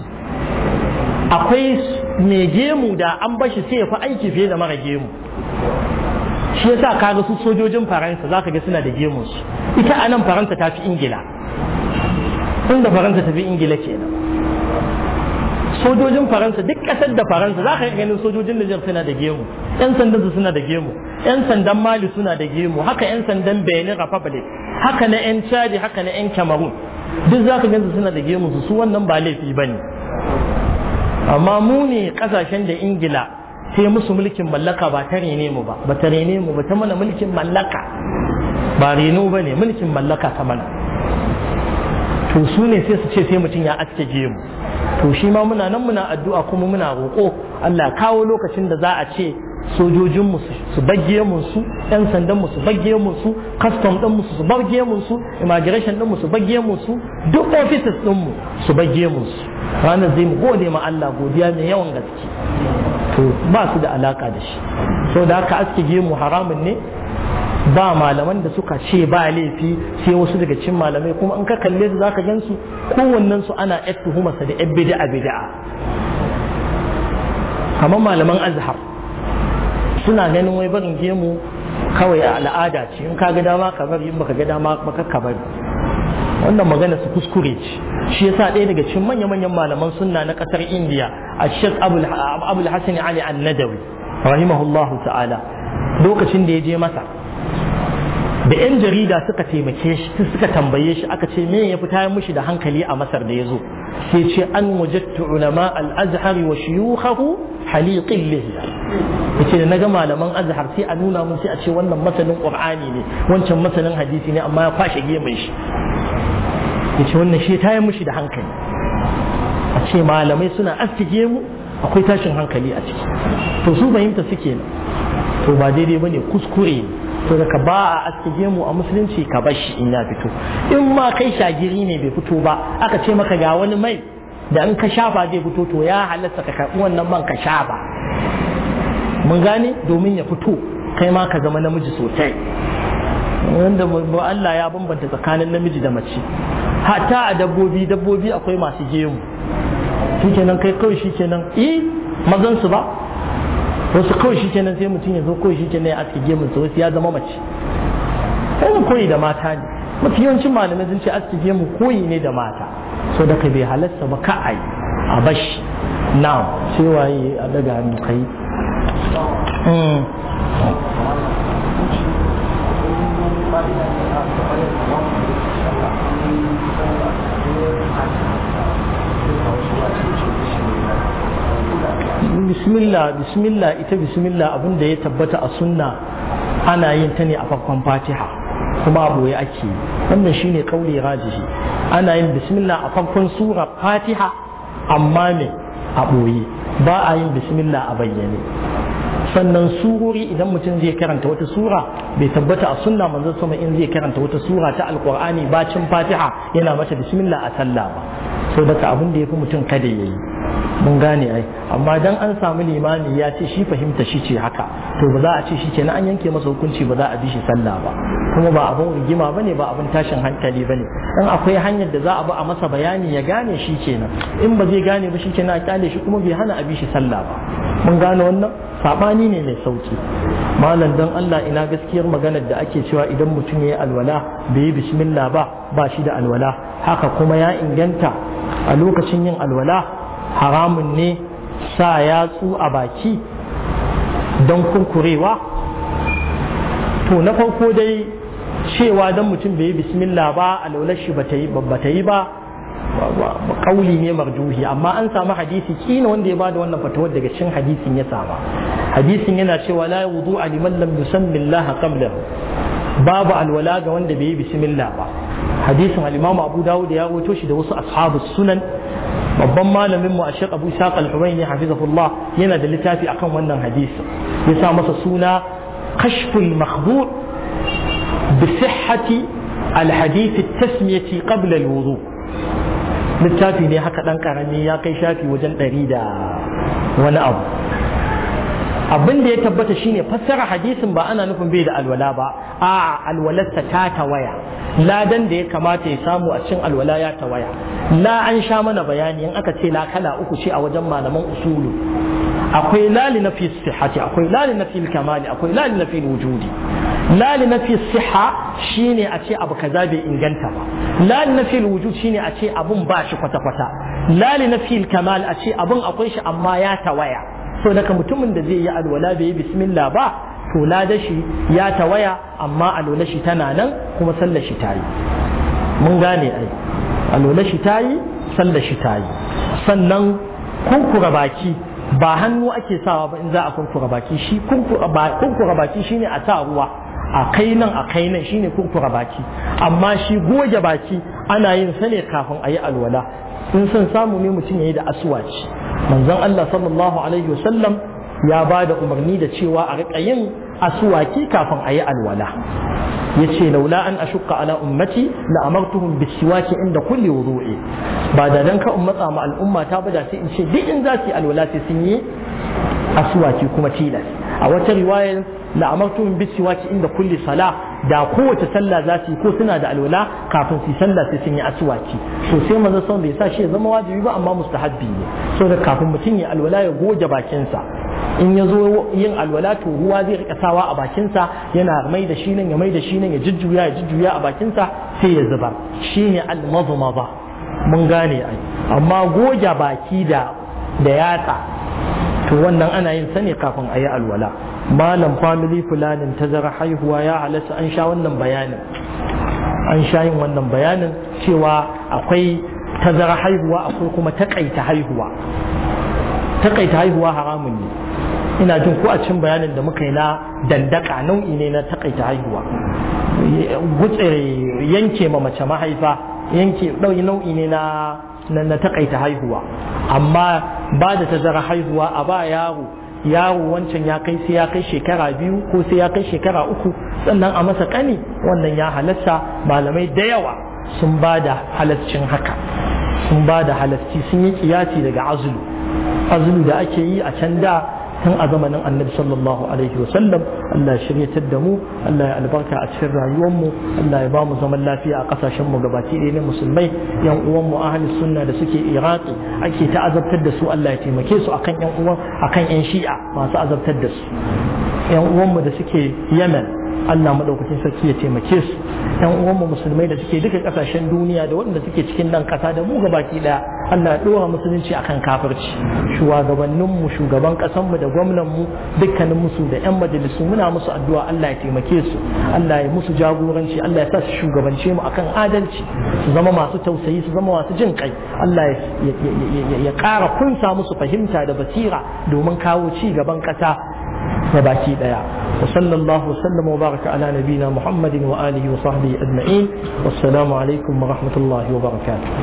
A: akwai mai gemu da an bashi sai ya fi aiki fiye da mara gemu shi yasa ga su sojojin faransa zaka ga suna da gemun su ita anan faransa ta fi ingila inda faransa ta fi ingila kenan sojojin faransa duk kasar da faransa za ka ganin sojojin nijar suna da gemu yan sandan su suna da gemu yan sandan mali suna da gemu haka yan sandan benin republic haka na yan chadi haka na yan cameroon duk za ka su suna da gemu su su wannan ba laifi ba ne amma mu ne kasashen da ingila sai musu mulkin mallaka ba ta rene mu ba ba ta rene mu ba ta mana mulkin mallaka ba reno ba ne mulkin mallaka ta mana to su ne sai su ce sai mutum ya aske gemu to shi ma muna nan muna addu'a kuma muna roƙo Allah kawo lokacin da za a ce sojojinmu su bagge mu su ɗan sandanmu su bagge mu su custom mu su bagge mu su immigration mu su bagge mu su duk offices mu su bagge mu su ranar zai mu gode ma Allah godiya mai yawan gaske to ba su da alaka da shi so da aka aske gemu haramun ne ba malaman da suka ce ba laifi sai wasu daga cikin malamai kuma in ka kalle su zaka gansu su kowannen su ana yar sa da yar bid'a bid'a kamar malaman azhar suna ganin wai barin gemu kawai al'ada ce in ka ga dama ka bari in baka ga dama baka ka bari wannan magana su kuskure ce shi yasa ɗaya daga cikin manya-manyan malaman sunna na ƙasar indiya a shek abul hasani ali annadawi rahimahullahu ta'ala lokacin da ya je masa da 'yan jarida suka taimake shi suka tambaye shi aka ce me ya fita mushi da hankali a masar da ya zo sai ce an wajattu ulama al-azhar wa shuyukhahu haliqin lihiya yace da naga malaman azhar sai a nuna mun sai a ce wannan masanin qur'ani ne wancan masanin hadisi ne amma ya kwashe gemun shi ce wannan shi ta yi mushi da hankali a ce malamai suna astige mu akwai tashin hankali a ciki to su fahimta suke nan to ba daidai bane kuskure ne to daga ba a astige mu a musulunci ka shi in ya fito in ma kai shagiri ne bai fito ba aka ce maka ga wani mai da in ka shafa zai fito to ya halatta ka karɓi wannan man ka shafa mun gane domin ya fito kai ma ka zama namiji sosai wanda Allah ya bambanta tsakanin namiji da mace Hata a dabbobi dabbobi akwai masu gemu shikenan kai kawai shikenan eh mazan su ba wasu kawai shikenan sai mutum ya zo kawai shikenan ya aske gemun su wasu ya zama mace sai koyi da mata ne mafi yawancin malamai sun ce aske gemu koyi ne da mata so da ka bai halasta ba ka ai a bashi na sai waye a daga hannu kai bismillah bismillah ita bismillah abin da ya tabbata a sunna ana yin ta ne a farkon fatiha kuma abu ya ake wannan shine kauli rajihi ana yin bismillah a farkon sura fatiha amma me a ɓoye ba a yin bismillah a bayyane sannan surori idan mutum zai karanta wata sura bai tabbata a sunna manzo sama in zai karanta wata sura ta alqur'ani bacin fatiha yana mata bismillah a sallah ba so daga abin da yafi mutum kada yayi mun gane ai amma dan an samu limani ya ce shi fahimta shi ce haka to ba za a ce shi ke an yanke masa hukunci ba za a bi shi sallah ba kuma ba abin rigima ba ne ba abin tashin hankali ba ne dan akwai hanyar da za a bi a masa bayani ya gane shi kenan in ba zai gane ba shi kenan a kyale shi kuma bai hana a bi shi sallah ba mun gane wannan sabani ne mai sauki malam dan Allah ina gaskiyar maganar da ake cewa idan mutum ya yi alwala bai yi bismillah ba ba shi da alwala haka kuma ya inganta a lokacin yin alwala haramun ne sa yatsu a baki don kunkurewa to na farko dai cewa don mutum bai yi bismillah ba alaular shi ba ta yi ba kauli ne marjuhi amma an samu hadisi kina wanda ya bada wannan fatawar daga cin hadisin ya sama hadisin yana cewa la wudu a liman lam yusammillaha qablahu babu alwala ga wanda bai yi bismillah ba hadisin al-imamu abu dawud ya roto shi da wasu ashabu sunan babban malamin mu a shek abu saq al-humayni hafizahullah yana da littafi akan wannan hadisi ya sa masa suna kashful makhdur bi sihhati al-hadith at-tasmiyati qabla al-wudu littafi ne haka dan karami ya kai shafi wajen 100 da wani abu abin da ya tabbata shine fassara hadisin ba ana nufin bai da alwala ba a alwalarsa ta tawaya ladan da ya kamata ya samu a cikin alwala ya tawaya la an sha mana bayani in aka ce la kala uku ce a wajen malaman usulu akwai lali na fi sihhati akwai lali na fi kamali akwai lali na fi wujudi lali na fi siha shine a ce abu kaza bai inganta ba lali na fi wujud shine a ce abun ba shi kwata kwata lali na fi kamal a ce abun akwai shi amma ya tawaya so daga mutumin da zai yi alwala bai yi bismillah ba to na shi ya tawaya amma alwala shi tana nan kuma sallar shi ta yi mun gane ai alwala shi ta yi sallar shi ta yi. sannan kunkura baki ba hannu ake sawa ba in za a kunkura baki shi kunkura baki shine a sa ruwa a kai nan a kai nan shine kunkura baki amma shi goge baki ana yin sa ne kafin a yi alwala Sun son samu ne mutum ya yi da aswaci manzon Allah sallallahu alaihi wasallam ya ba da umarni da cewa a riƙa yin aswaki kafin a yi alwala ya ce laula an ashuka ala ummati la amartuhum bisiwaki inda kulli wudu'i ba da dan ka ummata ma al'umma ta bada sai in ce duk in za su yi alwala sai sun yi aswaki kuma tilas a wata riwayar la amartuhum inda kulli sala da kowace sallah za su yi ko suna da alwala kafin su sallah sai sun yi aswaki so sai manzo son bai sa shi ya zama wajibi ba amma mustahabbi ne so da kafin mutum ya alwala ya goge bakinsa in ya zo yin alwala to ruwa zai rika sawa a bakinsa yana mai da shi nan ya mai da shi nan ya jujjuya ya jujjuya a bakinsa sai ya zuba shine al ba mun gane ai amma goge baki da da yatsa to wannan ana yin sani kafin a yi alwala malam family fulanin tazara haihuwa ya halatta an sha wannan bayanin an sha yin wannan bayanin cewa akwai tazara haihuwa akwai kuma takaita haihuwa takaita haihuwa haramun ne ina jin ko a cin bayanin da muka yi na dandaka nau'i ne na takaita haihuwa yanke ma mace mahaifa yanke nau'i ne na na takaita haihuwa amma ba da tazara haihuwa a ba yaro yaro wancan ya kai sai ya kai shekara biyu ko sai ya kai shekara uku sannan a masa kani wannan ya halatta malamai da yawa sun ba da halascin haka sun ba da halasci sun yi kiyaci daga azulu azulu da ake yi a can da tun a zamanin annabi sallallahu alaihi sallam Allah ya shiryatar da mu Allah ya albarka a cikin rayuwar mu Allah ya ba mu zaman lafiya a kasashen mu gabaki ɗaya na musulmai yan uwan mu ahli sunna da suke iraki ake ta azabtar da su Allah ya taimake su akan yan uwan akan yan shi'a masu azabtar da su yan uwan mu da suke yemen Allah madaukakin sarki ya taimake su yan uwanmu musulmai da suke duka kasashen duniya da waɗanda suke cikin nan kasa da mu gabaki ɗaya. Allah ya dora musulunci akan kafirci shugabannin mu shugaban kasan da gwamnan mu dukkanin musu da yan majalisu muna musu addu'a Allah ya taimake su Allah ya musu jagoranci Allah ya sa su shugabance mu akan adalci su zama masu tausayi su zama masu jin kai Allah ya ƙara kunsa musu fahimta da basira domin kawo ci gaban ƙasa gabaki daya wa sallallahu wasallam wa baraka ala nabina muhammadin wa alihi wa sahbihi ajma'in wassalamu alaikum wa rahmatullahi wa barakatuh